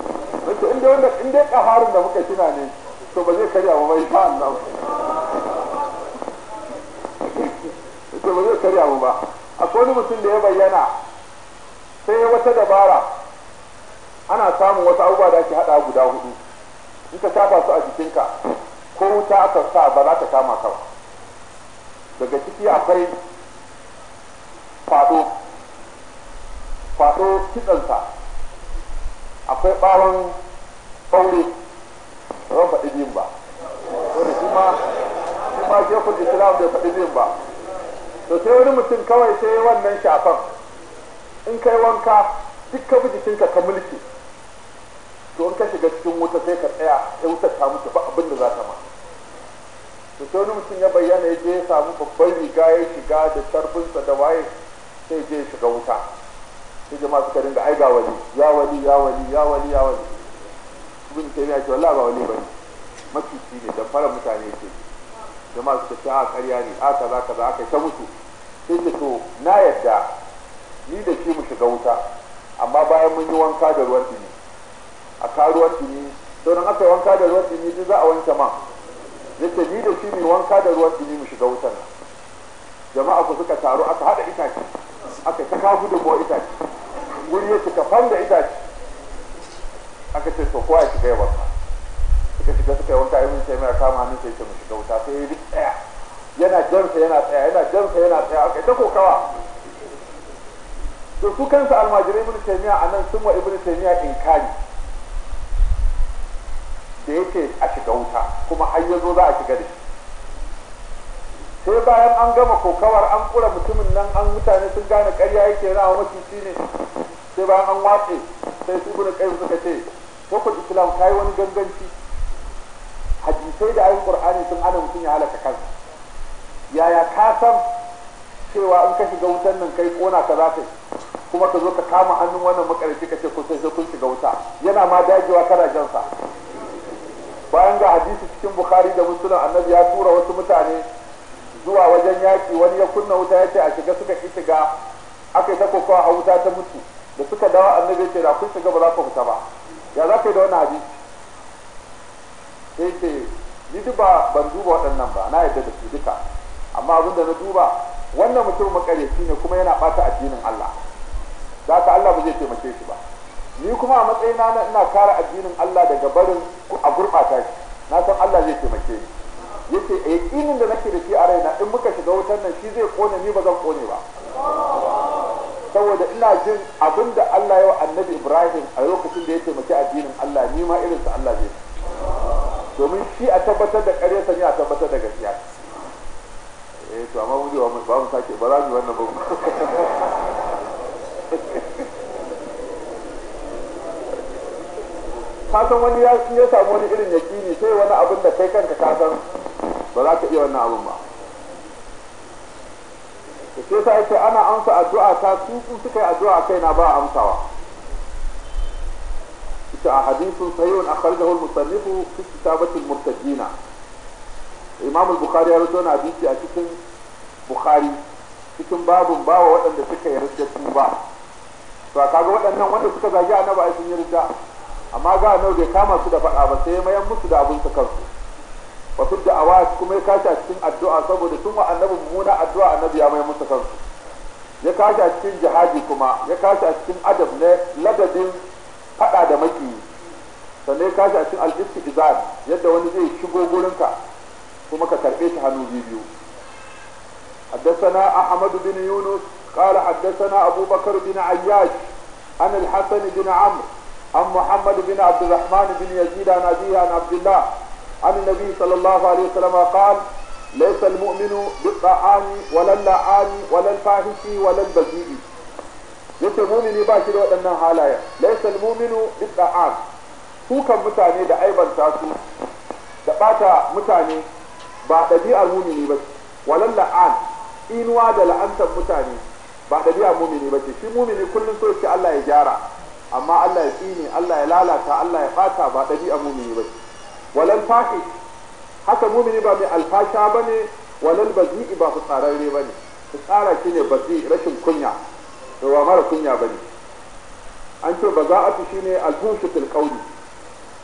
nace inda wanda inda qaharun da muka tuna ne to ba zai karya ba bai fa Allah ce ba zai karya mu ba a wani mutum da ya bayyana sai ya wata dabara ana samun wata abubuwa da ake hada guda hudu in ka shafa su a jikinka ko wuta aka sa ba za ta kama ka daga ciki akwai fado fado kitsansa akwai bawon ɓaure mutum kawai sai yi wannan shafan in kai wanka duk ka jikinka ka mulki to in ka shiga cikin wuta sai ka tsaya ya wutar ta mutu ba abin da za ta ma to sai wani mutum ya bayyana ya je ya samu babban riga ya shiga da sarfinsa da waye sai je ya shiga wuta sai jama'a suka dinga ai ga wani ya wani ya wani ya wani ya wali ibn taymiya ce wallahi ba wani bane macuci ne da fara mutane ce jama'a suka ce a karya ne a kaza kaza aka ta mutu sai ce to na yadda ni da ke mu shiga wuta amma bayan mun yi wanka da ruwan dumi a ka ruwan dumi sauran aka wanka da ruwan dumi duk za a wanke man ce ni da shi mai wanka da ruwan dumi mu shiga wutan jama'a ku suka taru aka hada itace aka ta kafu da buwa itace wuri ya cika fan da itace aka ce to kowa ya shiga ya ka suka shiga suka yi wanka ibn mai kama hannun sai ya ce mu shiga wuta sai ya duk ɗaya. yana jansa yana tsaya yana jansa yana tsaya aka ta kokawa to su kansa almajirai ibnu taymiya anan sun wa ibnu taymiya inkari da yake a shiga wuta kuma har yazo za a shiga da shi sai bayan an gama kokawar an kura mutumin nan an mutane sun gane karya yake yana wa mutunci ne sai bayan an watse sai su ibnu kai suka ce ko islam kai wani ganganci hadisai da ayin qur'ani sun ana mutum ya halaka kansa yaya ka san cewa in ka shiga wutan nan kai kona ka za ka yi kuma ka zo ka kama hannun wannan makarfi ka ce ko sai kun shiga wuta yana ma dajewa kana jansa bayan ga hadisi cikin bukhari da musulun annabi ya tura wasu mutane zuwa wajen yaƙi wani ya kunna wuta ya ce a shiga suka ki shiga aka yi ta kokawa a wuta ta mutu da suka dawo annabi ya ce da kun shiga ba za ku fita ba ya za ka yi da wannan hadisi sai ce ni ban duba waɗannan ba na yadda da su duka amma abinda na duba wannan mutum makaryaci ne kuma yana bata addinin Allah za ka Allah ba zai taimake shi ba ni kuma a matsayina na ina kare addinin Allah daga barin a gurɓata shi na san Allah zai taimake ni yace a yakinin da nake da shi a raina in muka shiga wutar nan shi zai kone ni ba zan kone ba saboda ina jin abinda Allah ya wa annabi Ibrahim a lokacin da ya taimaki addinin Allah ni ma irinsa Allah zai domin shi a tabbatar da ƙaryarsa ne a tabbatar da gaskiya eh to amma wuri wa ba mu sake ba za mu wannan ba ka san wani ya ya samu wani irin yakini sai wani abin da kai kanka ka san ba za ka iya wannan abin ba sai ta yace ana amsa addu'a ta su sun suka yi addu'a kai na ba amsawa ita a hadisin sahihun akhrajahu al-musannifu fi kitabati al-murtajina imam al-bukhari ya rawaito hadisi a cikin bukhari cikin babun bawa waɗanda suka yi su ba to a kaga waɗannan wanda suka zagi a naba sun yi rijja amma ga nau bai kama su da faɗa ba sai ya mayan musu da abin su kansu wasu da awa kuma ya kashi a cikin addu'a saboda sun wa annabi mummuna addu'a annabi ya mayan musu kansu ya kashi a cikin jihadi kuma ya kashi a cikin adab ne ladabin faɗa da maki sannan ya kashi a cikin izan yadda wani zai shigo gurinka kuma ka karɓe shi hannu biyu حدثنا أحمد بن يونس قال حدثنا أبو بكر بن عياش عن الحسن بن عمرو عن محمد بن عبد الرحمن بن يزيد عن أبيه عن عبد الله عن النبي صلى الله عليه وسلم قال ليس المؤمن بالطعان ولا اللعان ولا الفاحش ولا البذيء yace mumini ba shi da waɗannan halayen laisa muminu bidda'an sukan mutane da aibanta su da ɓata mutane ba ɗabi'ar mumini ba walal la'an inuwa da la'antar mutane ba ɗabi'a mumini ba ce shi mumini kullum so ce Allah ya gyara amma Allah ya tsini Allah ya lalata Allah ya fata ba ɗabi'a mumini ba ce walal fashi haka mumini ba mai alfasha ba ne walal bazi ba tsararre ba ne tsara shi ne bazi rashin kunya da ba mara kunya ba ne an ce ba za a fi shi ne alhushutul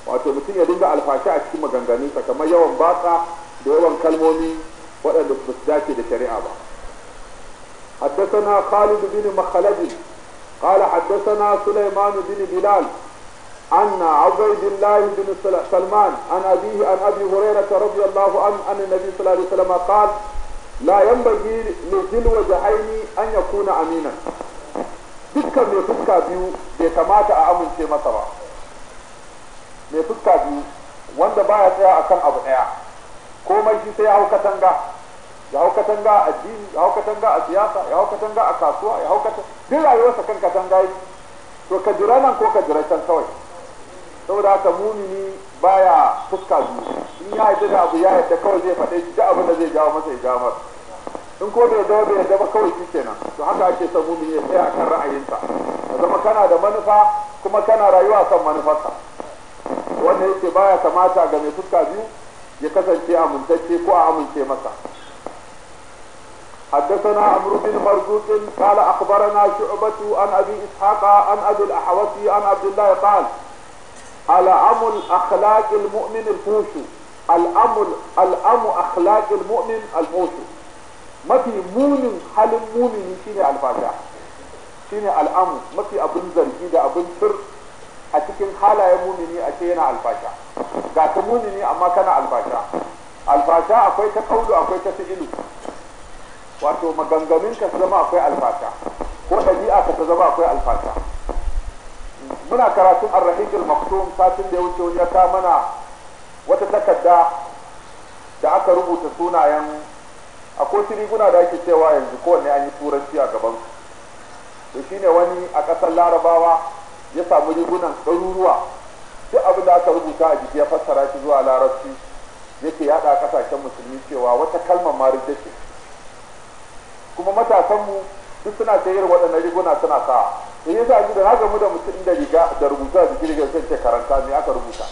wato mutum ya dinga alfashi a cikin maganganunsa kamar yawan batsa da yawan kalmomi waɗanda ba su dace da shari'a ba حدثنا خالد بن مخلدي قال حدثنا سليمان بن بلال عن عبيد الله بن سلمان عن أبيه عن أبي هريرة رضي الله عنه أن النبي صلى الله عليه وسلم قال لا ينبغي لذي الوجهين أن يكون أمينا dukkan mai fuska biyu bai kamata a amince masa ba mai fuska biyu wanda baya tsaya akan abu ɗaya komai shi sai ya hau katanga ya hau katanga a addini ya hau katanga a siyasa ya hau katanga a kasuwa ya hau katanga duk sa kan katanga yi to ka jira nan ko ka jira can kawai saboda haka mumini baya fuska biyu in ya yi da abu ya da kawai zai faɗe shi duk abin da zai jawo masa ya jawo masa in ko ya dawo bai ya ba kawai shi kenan to haka ake son mumini ya tsaya kan ra'ayinsa ka zama kana da manufa kuma kana rayuwa kan manufarka wanda yake baya kamata ga mai fuska biyu ya kasance amintacce ko a amince masa حدثنا عمرو بن مرزوق قال اخبرنا شعبة عن ابي اسحاق عن ابي الاحوص عن عبد الله قال على العم اخلاق المؤمن الفوش العم العم اخلاق المؤمن الفوش ما في مؤمن حال مؤمن شنو الفاتح شنو العم ما في ابن زرقي ده ابن سر اتكن حالا يا مؤمني اتينا الفاتح ذات مؤمني اما كان الفاتح الفاتح اكو تقول اكو تسجلوا wato maganganun ka zama akwai alfata ko ɗabi'a ka ta zama akwai alfata muna karatun arrahijul maktum satin da ya wuce wani ya ta mana wata takarda da aka rubuta sunayen akwai riguna da ake cewa yanzu kowanne an yi turanci a gaban to shine wani a ƙasar larabawa ya samu rigunan ɗaruruwa duk abin da aka rubuta a jiki ya fassara shi zuwa larabci yake yada ƙasashen musulmi cewa wata kalmar ma ce kuma matasanmu duk suna sayar waɗannan riguna suna sa in yi ji da haka mu da mutum da riga da rubuta a jikin rigar sai ce karanta me aka rubuta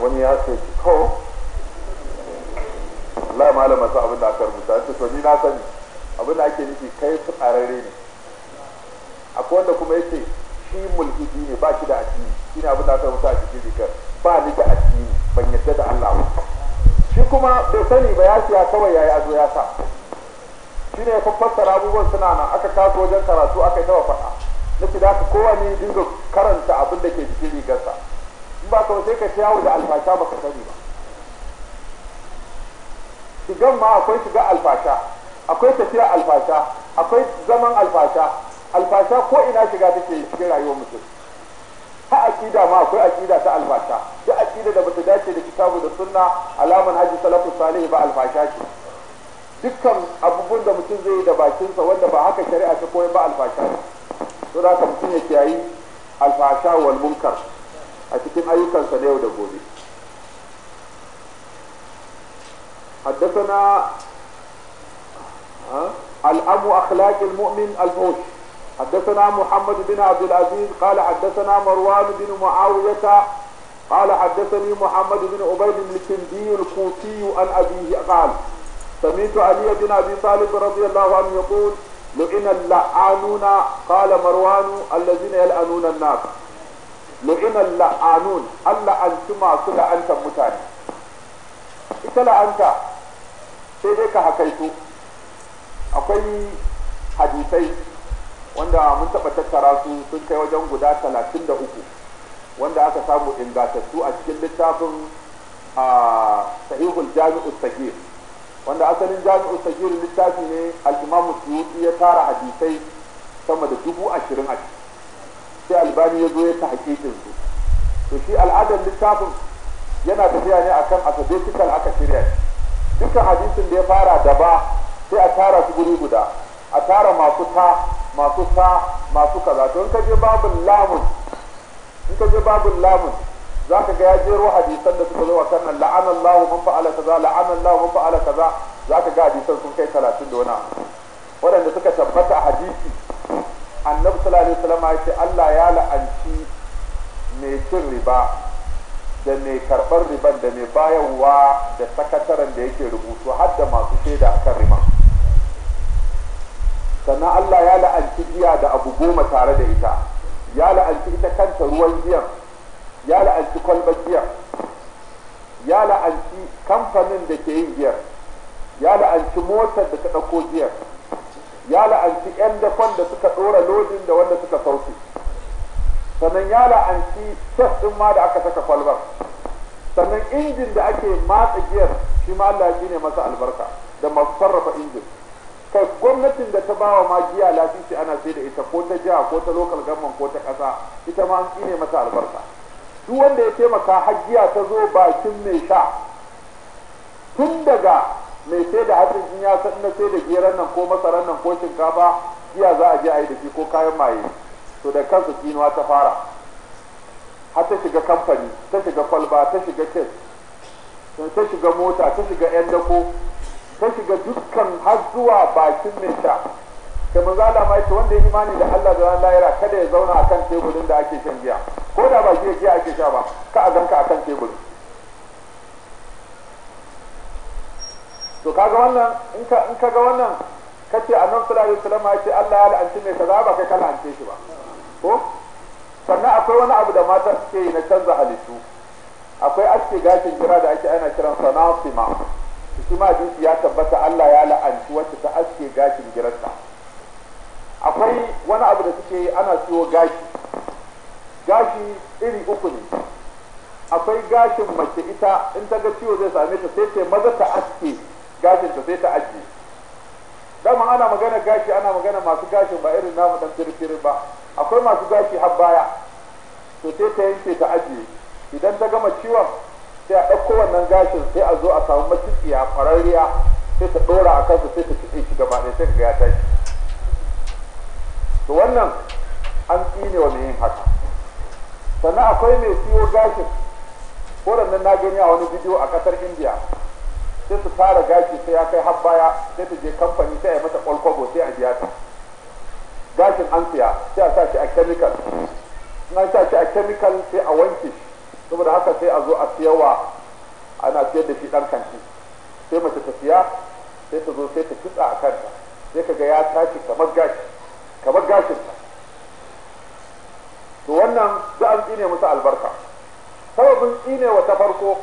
wani ya ce ko Allah malama sa abin da aka rubuta ya ce to ni na sani abin da ake nufi kai tsararre ne akwai wanda kuma ya ce shi mulki ne ba shi da addini shi ne abin da aka rubuta a jikin rigar ba ni da addini ban yadda da Allah ba shi kuma bai sani ba ya siya kawai yayi azo ya sa shi ne fa fassara abubuwan suna nan aka kaso wajen karatu aka yi tawa faɗa na ce da kowane dinga karanta abin da ke jikin rigarsa in ba kawai sai ka ta yawo da alfasha ka sani ba shigan ma akwai shiga alfasha akwai tafiya alfasha akwai zaman alfasha alfasha ko ina shiga take cikin rayuwar mutum ta akida ma akwai akida ta alfasha duk akida da bata dace da kitabu da sunna alaman haji salatu salih ba alfasha ce dukkan abubuwan da mutum zai yi da bakinsa wanda ba haka shari'a ta koyi ba alfasha to da mutum ya kiyayi alfasha wal munkar a cikin ayyukansa na yau da gobe حدثنا الأم أخلاق المؤمن الفوش حدثنا محمد بن عبد العزيز قال حدثنا مروان بن معاوية قال حدثني محمد بن عبيد الكندي الكوفي عن أبيه قال سمعت aliya بن ابي طالب رضي الله عنه يقول لئن اللعانون قال مروان الذين يلعنون الناس لئن اللعانون الا انت ما كل انت متان انت لعنت sai dai ka hakaito akwai hadisai wanda mun taɓa tattara su sun kai wajen guda talatin da uku wanda aka samu ingantattu a cikin littafin a sahihul jami'ul sahih wanda asalin jami'u sagir littafi ne al-imamu ya tara hadisai sama da dubu ashirin a ciki sai albani ya zo ya ta hakikin su to shi al'adar littafin yana tafiya ne akan alphabetical aka shirya dukkan hadisin da ya fara daba, sai a tara su guri guda a tara masu ta masu ta, masu kaza to in ka je babin lamun in ka je babin lamun zaka ga ya jero hadisan da suka zo kan nan la'ana Allahu man fa'ala kaza la'ana Allahu man fa'ala kaza zaka ga hadisan sun kai talatin da wani waɗanda suka tabbata a hadisi annabi sallallahu alaihi wasallam ya ce Allah ya la'anci mai cin riba da mai karɓar riban da mai bayarwa da sakataren da yake rubutu har da masu shaida akan riba sannan Allah ya la'anci giya da abu goma tare da ita ya la'anci ita kanta ruwan giyan ya la'anci kwalbar giyar ya la'anci kamfanin da ke yin giyar ya la'anci motar da ta ɗauko giyar ya la'anci 'yan dakon da suka ɗora lodin da wanda suka sauke sannan ya la'anci shef ɗin ma da aka saka kwalbar sannan injin da ake matsa giyar shi ma Allah ne masa albarka da masu sarrafa injin kai gwamnatin da ta bawa ma giya lafi ana sai da ita ko ta jiha ko ta lokal gamman ko ta ƙasa ita ma an ne masa albarka duk wanda ya taimaka hajjiya ta zo bakin mai sha tun daga mai sai da hatsin in ya san na sai da geran nan ko masaran nan ko shinkafa jiya za a je a yi da shi ko kayan maye to da kansa tsinuwa ta fara har ta shiga kamfani ta shiga kwalba ta shiga kes ta shiga mota ta shiga yan dako ta shiga dukkan har zuwa bakin mai sha ke mun zala mai wanda ya imani da Allah da ran lahira kada ya zauna akan teburin da ake shan giya ko da ba giya giya ake sha ba ka a ganka akan teburi to kaga wannan in ka in kaga wannan kace annabi sallallahu alaihi wasallam ya ce Allah ya la'anci mai kaza ba kai ka la'ance shi ba ko sannan akwai wani abu da mata suke yi na canza halittu akwai aske gashin kira da ake ana kiran sanasima shi ma ya tabbata Allah ya la'anci wacce ta aske gashin girarta akwai wani abu da suke ana siyo gashi gashi iri uku ne akwai gashin mace ita in ta ga ciwo zai same ta sai ta maza ta aske gashin ta sai ta ajiye dama ana magana gashi ana magana masu gashin ba irin namu dan firfiri ba akwai masu gashi har baya to sai ta yanke ta ajiye idan ta gama ciwon sai a ɗauko wannan gashin sai a zo a samu maciya fararriya sai ta ɗora a kansa sai ta kitse shi gaba ɗaya sai ka ga ya tashi to wannan an tsine wa mai yin haka sannan akwai mai siyo gashin koran na gani a wani bidiyo a kasar indiya sai su fara gashi sai ya kai har baya sai ta je kamfani sai a mata kwalkwago sai a biya ta gashin an siya sai a sa shi a chemical na sa shi a chemical sai a wanke saboda haka sai a zo a siyarwa ana siyar da shi dan kanti sai mace ta siya sai ta zo sai ta kitsa a kanta sai kaga ya tashi kamar gashi kamar gashin ta to wannan da an tsine musu albarka sababin wa ta farko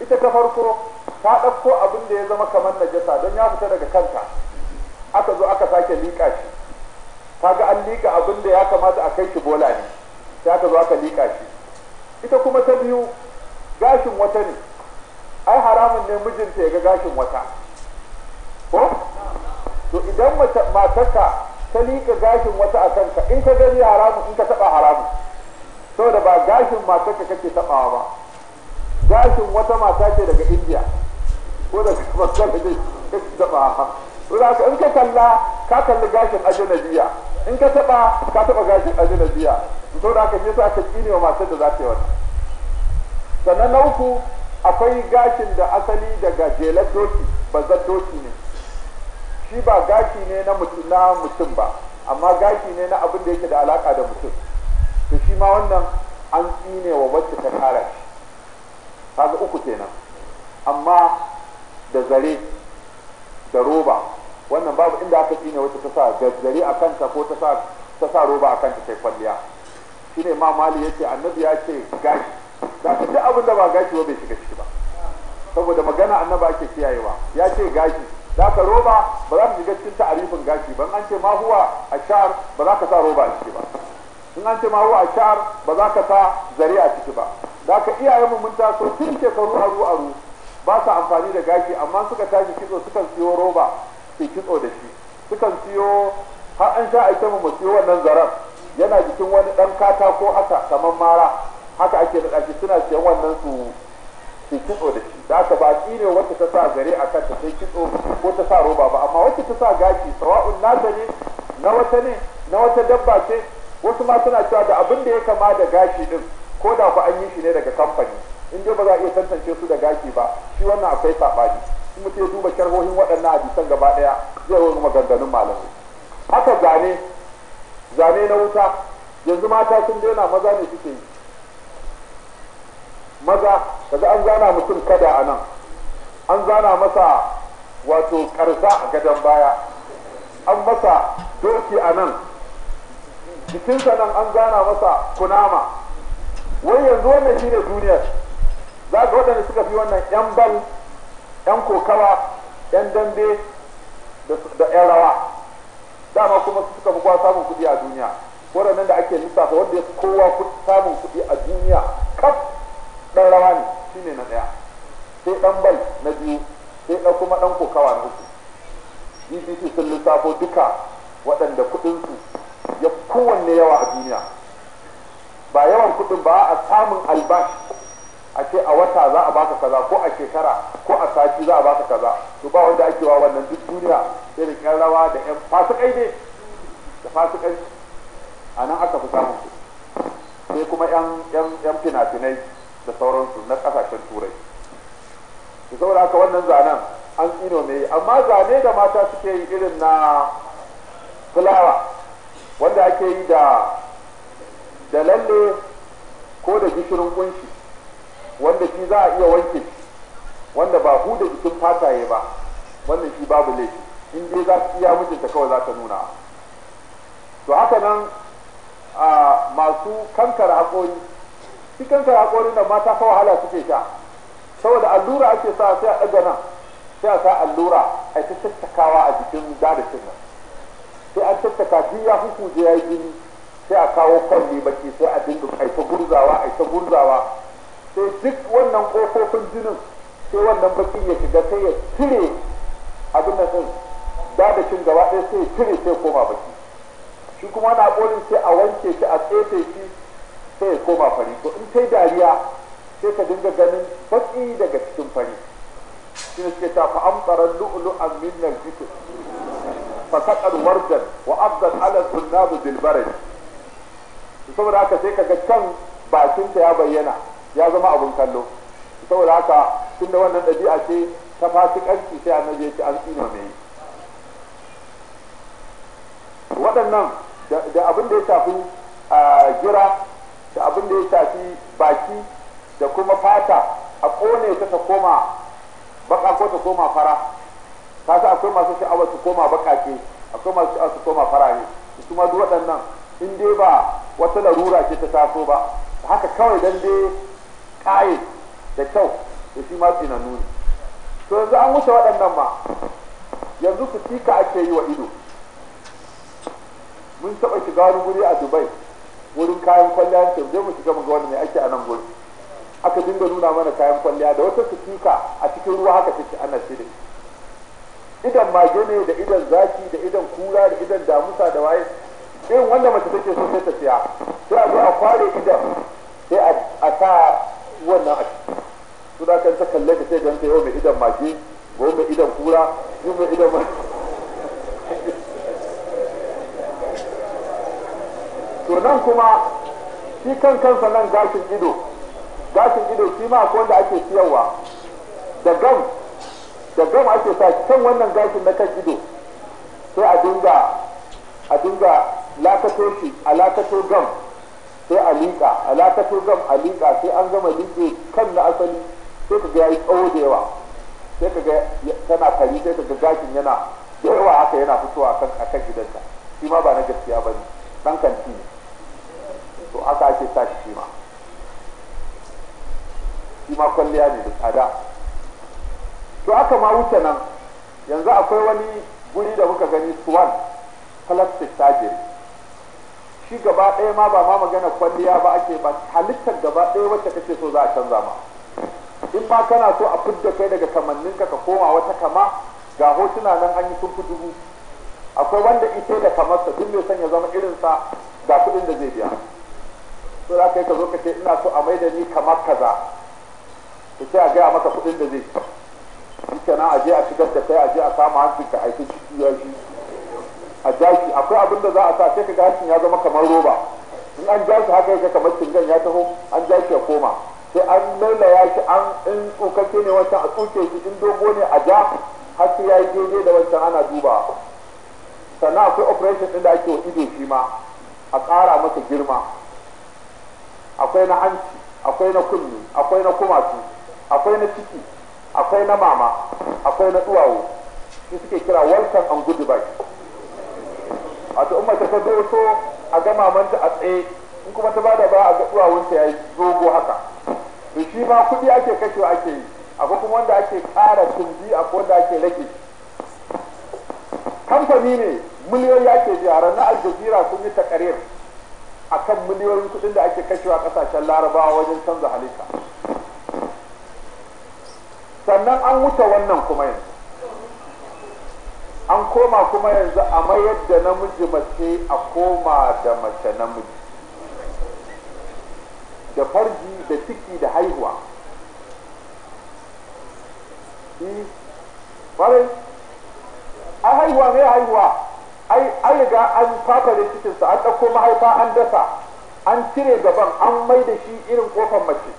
ita ta farko ta ɗauko abin da ya zama kamar najasa don ya fita daga kanta aka zo aka sake liƙa shi ta ga an liƙa abin da ya kamata a kai shi bola ne sai aka zo aka liƙa shi ita kuma ta biyu gashin wata ne ai haramun ne mijinta ya ga gashin wata ko to idan matarka ka liƙa gashin wata a kanka in ka gani haramun in ka taɓa haramu saboda ba gashin ka kake taɓawa ba gashin wata mata ce daga indiya ko daga masar da kake taɓawa saboda in ka kalla ka kalli gashin ajanabiya in ka taɓa ka taɓa gashin ajanabiya saboda haka shi yasa aka kine wa matar da za ta yi wani. sannan na uku akwai gashin da asali daga jelar doki bazar doki ne shi ba gashi ne na mutum ba amma gashi ne na abin da yake da alaka da mutum to shi ma wannan an tsine wa wacce ta kara shi kaga uku kenan amma da zare da roba wannan babu inda aka tsine wacce ta sa da zare a kanta ko ta sa roba a kanta sai kwalliya shi ne ma mali yace annabi ya ce gashi da duk abin da ba gashi ba bai shiga ciki ba saboda magana annabi ake kiyayewa ya ce gashi zaka roba ba za ka shiga cikin ta'arifin gashi ba an ce ma huwa ba za ka sa roba a ciki ba in an ce ma huwa ba za ka sa zare a ciki ba za ka iyayen mu mun taso tun shekaru aru aru ba sa amfani da gashi amma suka tashi kitso sukan siyo roba su kitso da shi sukan siyo har an sha aike mu siyo wannan zaren yana jikin wani dan katako haka kamar mara haka ake da suna siyan wannan su sai kitso da shi da aka baki ne wacce ta sa zare a kanta sai kitso ko ta sa roba ba amma wacce ta sa gashi sawa'un nata ne na wata ne na wata dabba ce wasu ma suna cewa da abin da ya kama da gashi din ko da ku an yi shi ne daga kamfani in dai ba za a iya tantance su da gashi ba shi wannan akwai saɓani in mutum ya duba sharhohin waɗannan hadisan gaba ɗaya zai wani maganganun malamai haka zane zane na wuta yanzu mata sun daina maza ne suke yi maza kaga an zana mutum kada a nan an zana masa wato karza a gadon baya an masa doki a nan jikinsa nan an zana masa kunama wai yanzu wannan ne duniyar za ga waɗanda suka fi wannan 'yan bal 'yan kokawa 'yan dambe da 'yan rawa dama kuma su suka fi kowa samun kuɗi a duniya waɗannan da ake lissafa wanda ya fi kowa samun kuɗi a duniya kaf dan rawa ne shine na daya sai ɗan bal na biyu sai ɗan kuma dan kokawa na uku BBC e sun lissafo duka waɗanda kuɗinsu ya kowanne yawa a duniya ba yawan kuɗin ba a samun albashi a ce a wata za a baka kaza ko a shekara ko a sati za a baka kaza to ba wanda ake wa wannan duk duniya irin yan rawa da yan fasikai ne da fasikai a nan aka fi samun su sai kuma yan fina-finai da sauransu na kasashen turai da saboda haka wannan zanen an tsino mai amma zane da mata suke yi irin na fulawa wanda ake yi da da lalle ko da gishirin kunshi wanda shi za a iya wanke wanda ba hu da jikin fataye ba wannan shi babu laifi in dai za su iya mijinta kawai za ta nuna to haka nan masu kankara haƙori shi kansa ya da mata fa wahala suke sha saboda allura ake sa sai a ɗaga nan sai a sa allura a ta tattakawa a jikin dadashin nan sai an tattaka shi ya fi kuje ya yi jini sai a kawo kwalli baki sai a dinga a ta gurzawa a ta gurzawa sai duk wannan ƙofofin jinin sai wannan bakin ya shiga sai ya cire abin nan din dadashin gaba ɗaya sai ya cire sai koma baki shi kuma na ƙorin sai a wanke shi a tsefe shi sai ya koma fari to in sai dariya sai ka dinga ganin baki daga cikin fari shi ne suke tafi an amtsaran lu'ulu min al jikin fasakar wardan wa afdal ala sunnab dilbarai saboda haka sai ga can bakinta ya bayyana ya zama abun kallo saboda haka da wannan ɗabi'a ce ta fasikanci sai annabi ya ce an tsina mai waɗannan da abin da ya shafi a ah, jira da abin da ya shafi baki da kuma fata a kone ta ta koma baka ko ta koma fara sa akwai masu sha'awa su koma ke akwai masu sha'awa su koma fara ne. su ma duk waɗannan in dai ba wata larura ce ta taso ba haka kawai dan dai ƙaye da kyau da shi ma tsinannu nuni to yanzu an wuce waɗannan ma yanzu tika ake yi wa ido mun taɓa shiga wani guri a dubai wurin kayan kwalliya ce zai mu shiga mu ga wani mai ake a nan gurin aka dinga nuna mana kayan kwalliya da wata sufika a cikin ruwa haka take ana shirin idan mage ne da idan zaki da idan kura da idan damusa da waye irin wanda mace take so sai ta siya sai a zo a kware idan sai a sa wannan a ciki su da kan ta kalle ta sai don ta yau mai idan mage gobe idan kura mai idan mage turnan kuma shi kan kansa nan gashin ido gashin ido shi ma akwai wanda ake siyarwa da gam da gam ake sa kan wannan gashin na kan ido sai a dinga a dinga lakato shi a lakato gam sai a liƙa a lakato gam a liƙa sai an gama liƙe kan na asali sai ka ga yi tsawo da yawa sai ka ga tana kari sai ka ga gashin yana da yawa haka yana fitowa a kan gidanta shi ma ba na gaskiya ba ne dan kanti ne to aka ce sa shi ma shi ma kwalliya ne da tsada to aka ma wuce nan yanzu akwai wani guri da muka gani swan plastic surgery shi gaba ɗaya ma ba ma magana kwalliya ba ake ba halittar gaba ɗaya wacce kake so za a canza ma in ma kana so a fidda kai daga kamannin ka ka koma wata kama ga hotuna nan an yi sun fi dubu akwai wanda ita da kamarsa duk mai son ya zama irinsa ga kuɗin da zai biya sai za ka yi ka zo ka ce ina so a mai da ni kamar kaza to sai a gaya maka kuɗin da zai ci shi nan a je a shigar da kai a je a samu hancin ka aiki ciki ya shi a jashi akwai abin da za a sa sai ka ga hancin ya zama kamar roba in an jashi haka yake kamar cingan ya taho an jashi ya koma sai an ya shi an in tsokake ne wancan a tsoke shi in dogo ne a ja har sai ya yi daidai da wancan ana duba sannan akwai operation ɗin da ake wa ido shi ma a ƙara masa girma akwai na hanci akwai na kunni akwai na kumatu akwai na ciki akwai na mama akwai na duwawo shi suke kira welcome and good bye A ta mace ta so a ga mamanta a tsaye in kuma ta bada ba a ga duwawunta ya yi zogo haka to shi ma kuɗi ake kashewa ake yi akwai kuma wanda ake ƙara tumbi akwai wanda ake rage kamfani ne miliyoyi ake ji na Aljazeera aljazira sun yi takarir A kan miliyoyin kudin da ake kashewa kasashen larabawa wajen canza halitta sannan an wuce wannan kuma yanzu an koma kuma yanzu a mayar da namiji mace a koma da mace namiji da farji da ciki da haihuwa ɓarai eh, a haihuwa mai haihuwa ai an riga an fafare cikinsa an ɗauko mahaifa an dasa an cire gaban an mai da shi irin kofar mace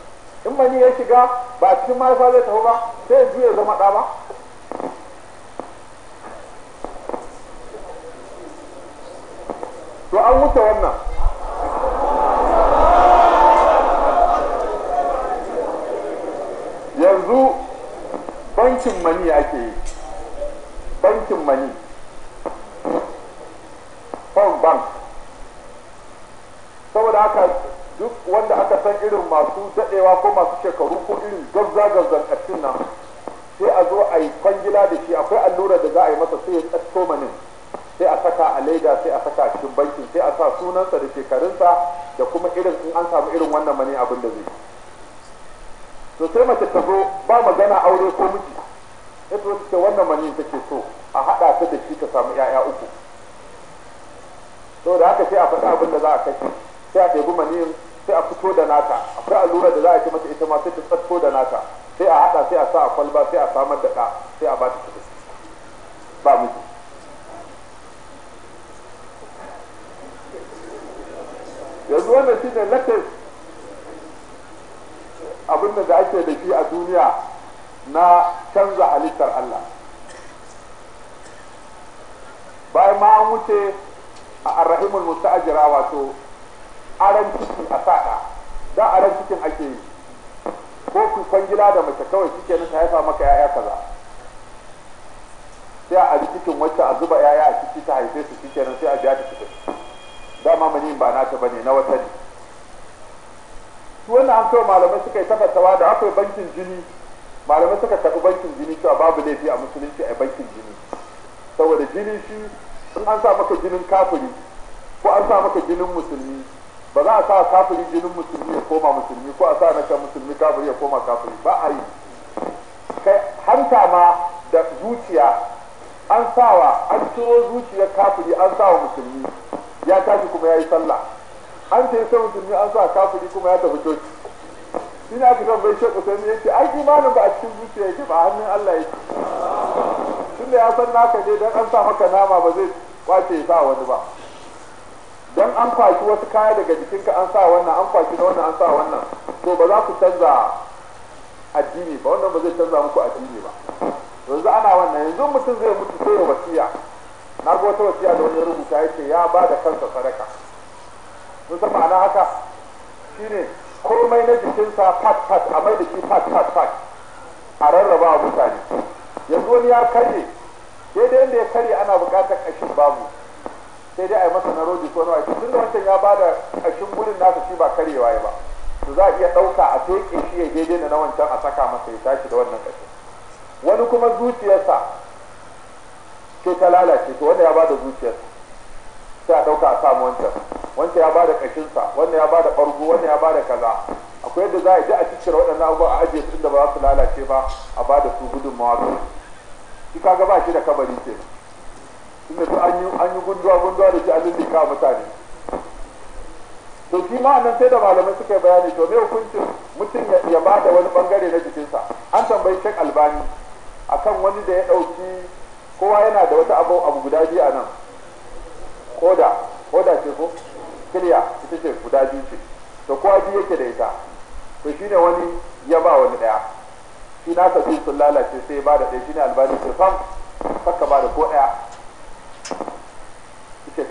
in mani ya shiga ba cikin mahaifa zai tafi ba sai yanzu ya zama ɗa ba to an wuce wannan ma sai ta tsatko da nata sai a haɗa sai a sa a kwalba sai a samar da ɗa sai a ba ta kuɗi ba miji yanzu wannan ne latin abinda da ake da shi a duniya na canza halittar Allah bayan ma an wuce a arrahimul musta'ajira wato aran ciki a sada da aran cikin ake yi ko ku kwangila da mace kawai suke nan ta haifa maka yaya kaza sai a cikin wacce a zuba yaya a ciki ta haife su suke nan sai a biya ta cikin dama mani ba nata bane na wata ne wannan an kawai malamai suka yi tabbatawa da akwai bankin jini malamai suka tafi bankin jini cewa babu laifi a musulunci a bankin jini saboda jini shi in an sa maka jinin kafiri ko an sa maka jinin musulmi ba za a sa kafiri jinin musulmi ya koma musulmi ko a sa na kan musulmi kafiri ya koma kafiri ba a yi kai hanta ma da zuciya an sawa an turo zuciyar kafiri an sawa musulmi ya tashi kuma ya yi sallah an ce sai musulmi an sa kafiri kuma ya tafi coci shi ne aka bai shi usaini ya ce ai imanin ba a cikin zuciya yake ba hannun Allah yake da ya san naka ne dan an sa maka nama ba zai kwace ya sa wani ba Idan an kwashi wasu kaya daga jikinka an sa wannan an kwashi na wannan an sa wannan to ba za ku canza addini ba wannan ba zai canza muku addini ba yanzu ana wannan yanzu mutum zai mutu sai ya wasiya na ga wata wasiya da wani rubuta ya ce ya ba da kansa sadaka mun san ma'ana haka shine komai na jikinsa pat pat a mai da shi pat pat pat a rarraba wa mutane yanzu wani ya karye daidai yadda ya karye ana bukatar kashin babu sai dai a yi masa na rodi ko nawa tun da wancan ya ba da ƙashin gudun nasa shi ba karyewa ya ba to za a iya ɗauka a feƙe shi ya daidai da na wancan a saka masa ya tashi da wannan ƙashin wani kuma zuciyarsa ce ta lalace to wanda ya ba da zuciyarsa sai a ɗauka a samu wancan wancan ya ba da ƙashinsa wanda ya ba da ɓargo wanda ya ba da kaza akwai yadda za a ji a cicira waɗannan abubuwa a ajiye su da ba za su lalace ba a ba da su gudunmawa su shi kaga ba shi da kabari kenan tunda su an yi an yi gunduwa gunduwa da shi an lullika mutane to shi ma nan sai da malamai suka yi bayani to me hukuncin mutum ya ba da wani bangare na jikinsa an tambayi shek albani akan wani da ya dauki kowa yana da wata abu abu guda biyu a nan koda koda ce ko kiliya ita ce guda biyu ce to kowa biyu yake da ita to shi ne wani ya ba wani daya shi na nasa sun lalace sai ba da ɗaya ne albani sai fam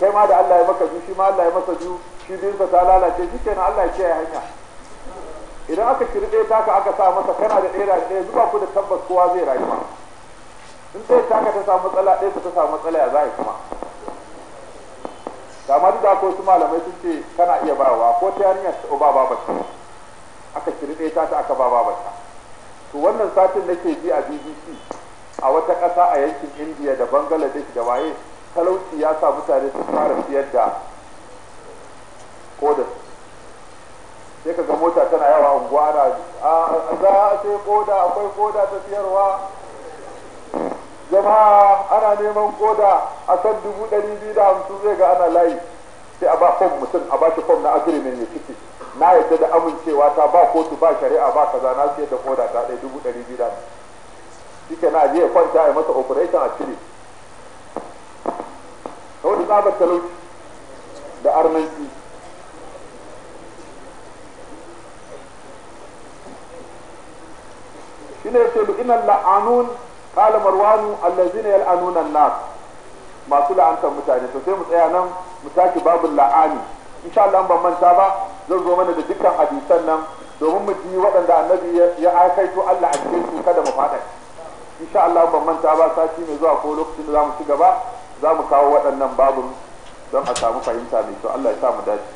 kai ma da Allah ya maka ju shi ma Allah ya masa ju shi dinsa ta lalace shi kenan Allah ya ce hanya idan aka kirbe taka aka sa masa kana da ɗaya da ɗaya zuba ku da tabbas kowa zai rayu in ɗaya taka ta samu matsala ɗaya ta samu matsala ya za kuma da ma duk da ko su malamai sun ce kana iya bawa ko ta yarinya ta ba ta aka kirbe ta ta aka ba ta to wannan satin nake ji a BBC a wata ƙasa a yankin India da bangaladesh da waye talauci ya sa mutane su fara siyar da kodas. sai ka ga mota tana yawa unguwa na za a ce koda akwai koda ta siyarwa jama'a ana neman koda a kan dubu ɗari biyu da hamsin zai ga ana layi sai a ba fom mutum a ba shi fom na agreement ya ciki na yadda da amincewa ta ba kotu ba shari'a ba kaza na siyar da koda ta ɗaya dubu ɗari biyu da hamsin shi na je ya kwanta a masa operation a cire saboda tsabar talauci da arnanki shi ne bi innal la'anun qala marwanu allazina yal'anuna nas masu la'antar mutane to sai mu tsaya nan mu taki babu la'ani sha Allah ban manta ba zan zo mana da dukkan hadisan nan domin mu ji waɗanda annabi ya aikaito Allah a cikin su kada mu faɗa sha Allah ban manta ba sati mai zuwa ko lokacin da za mu ci gaba za mu kawo waɗannan babun don a samu fahimta mai kyau Allah ya sa mu dace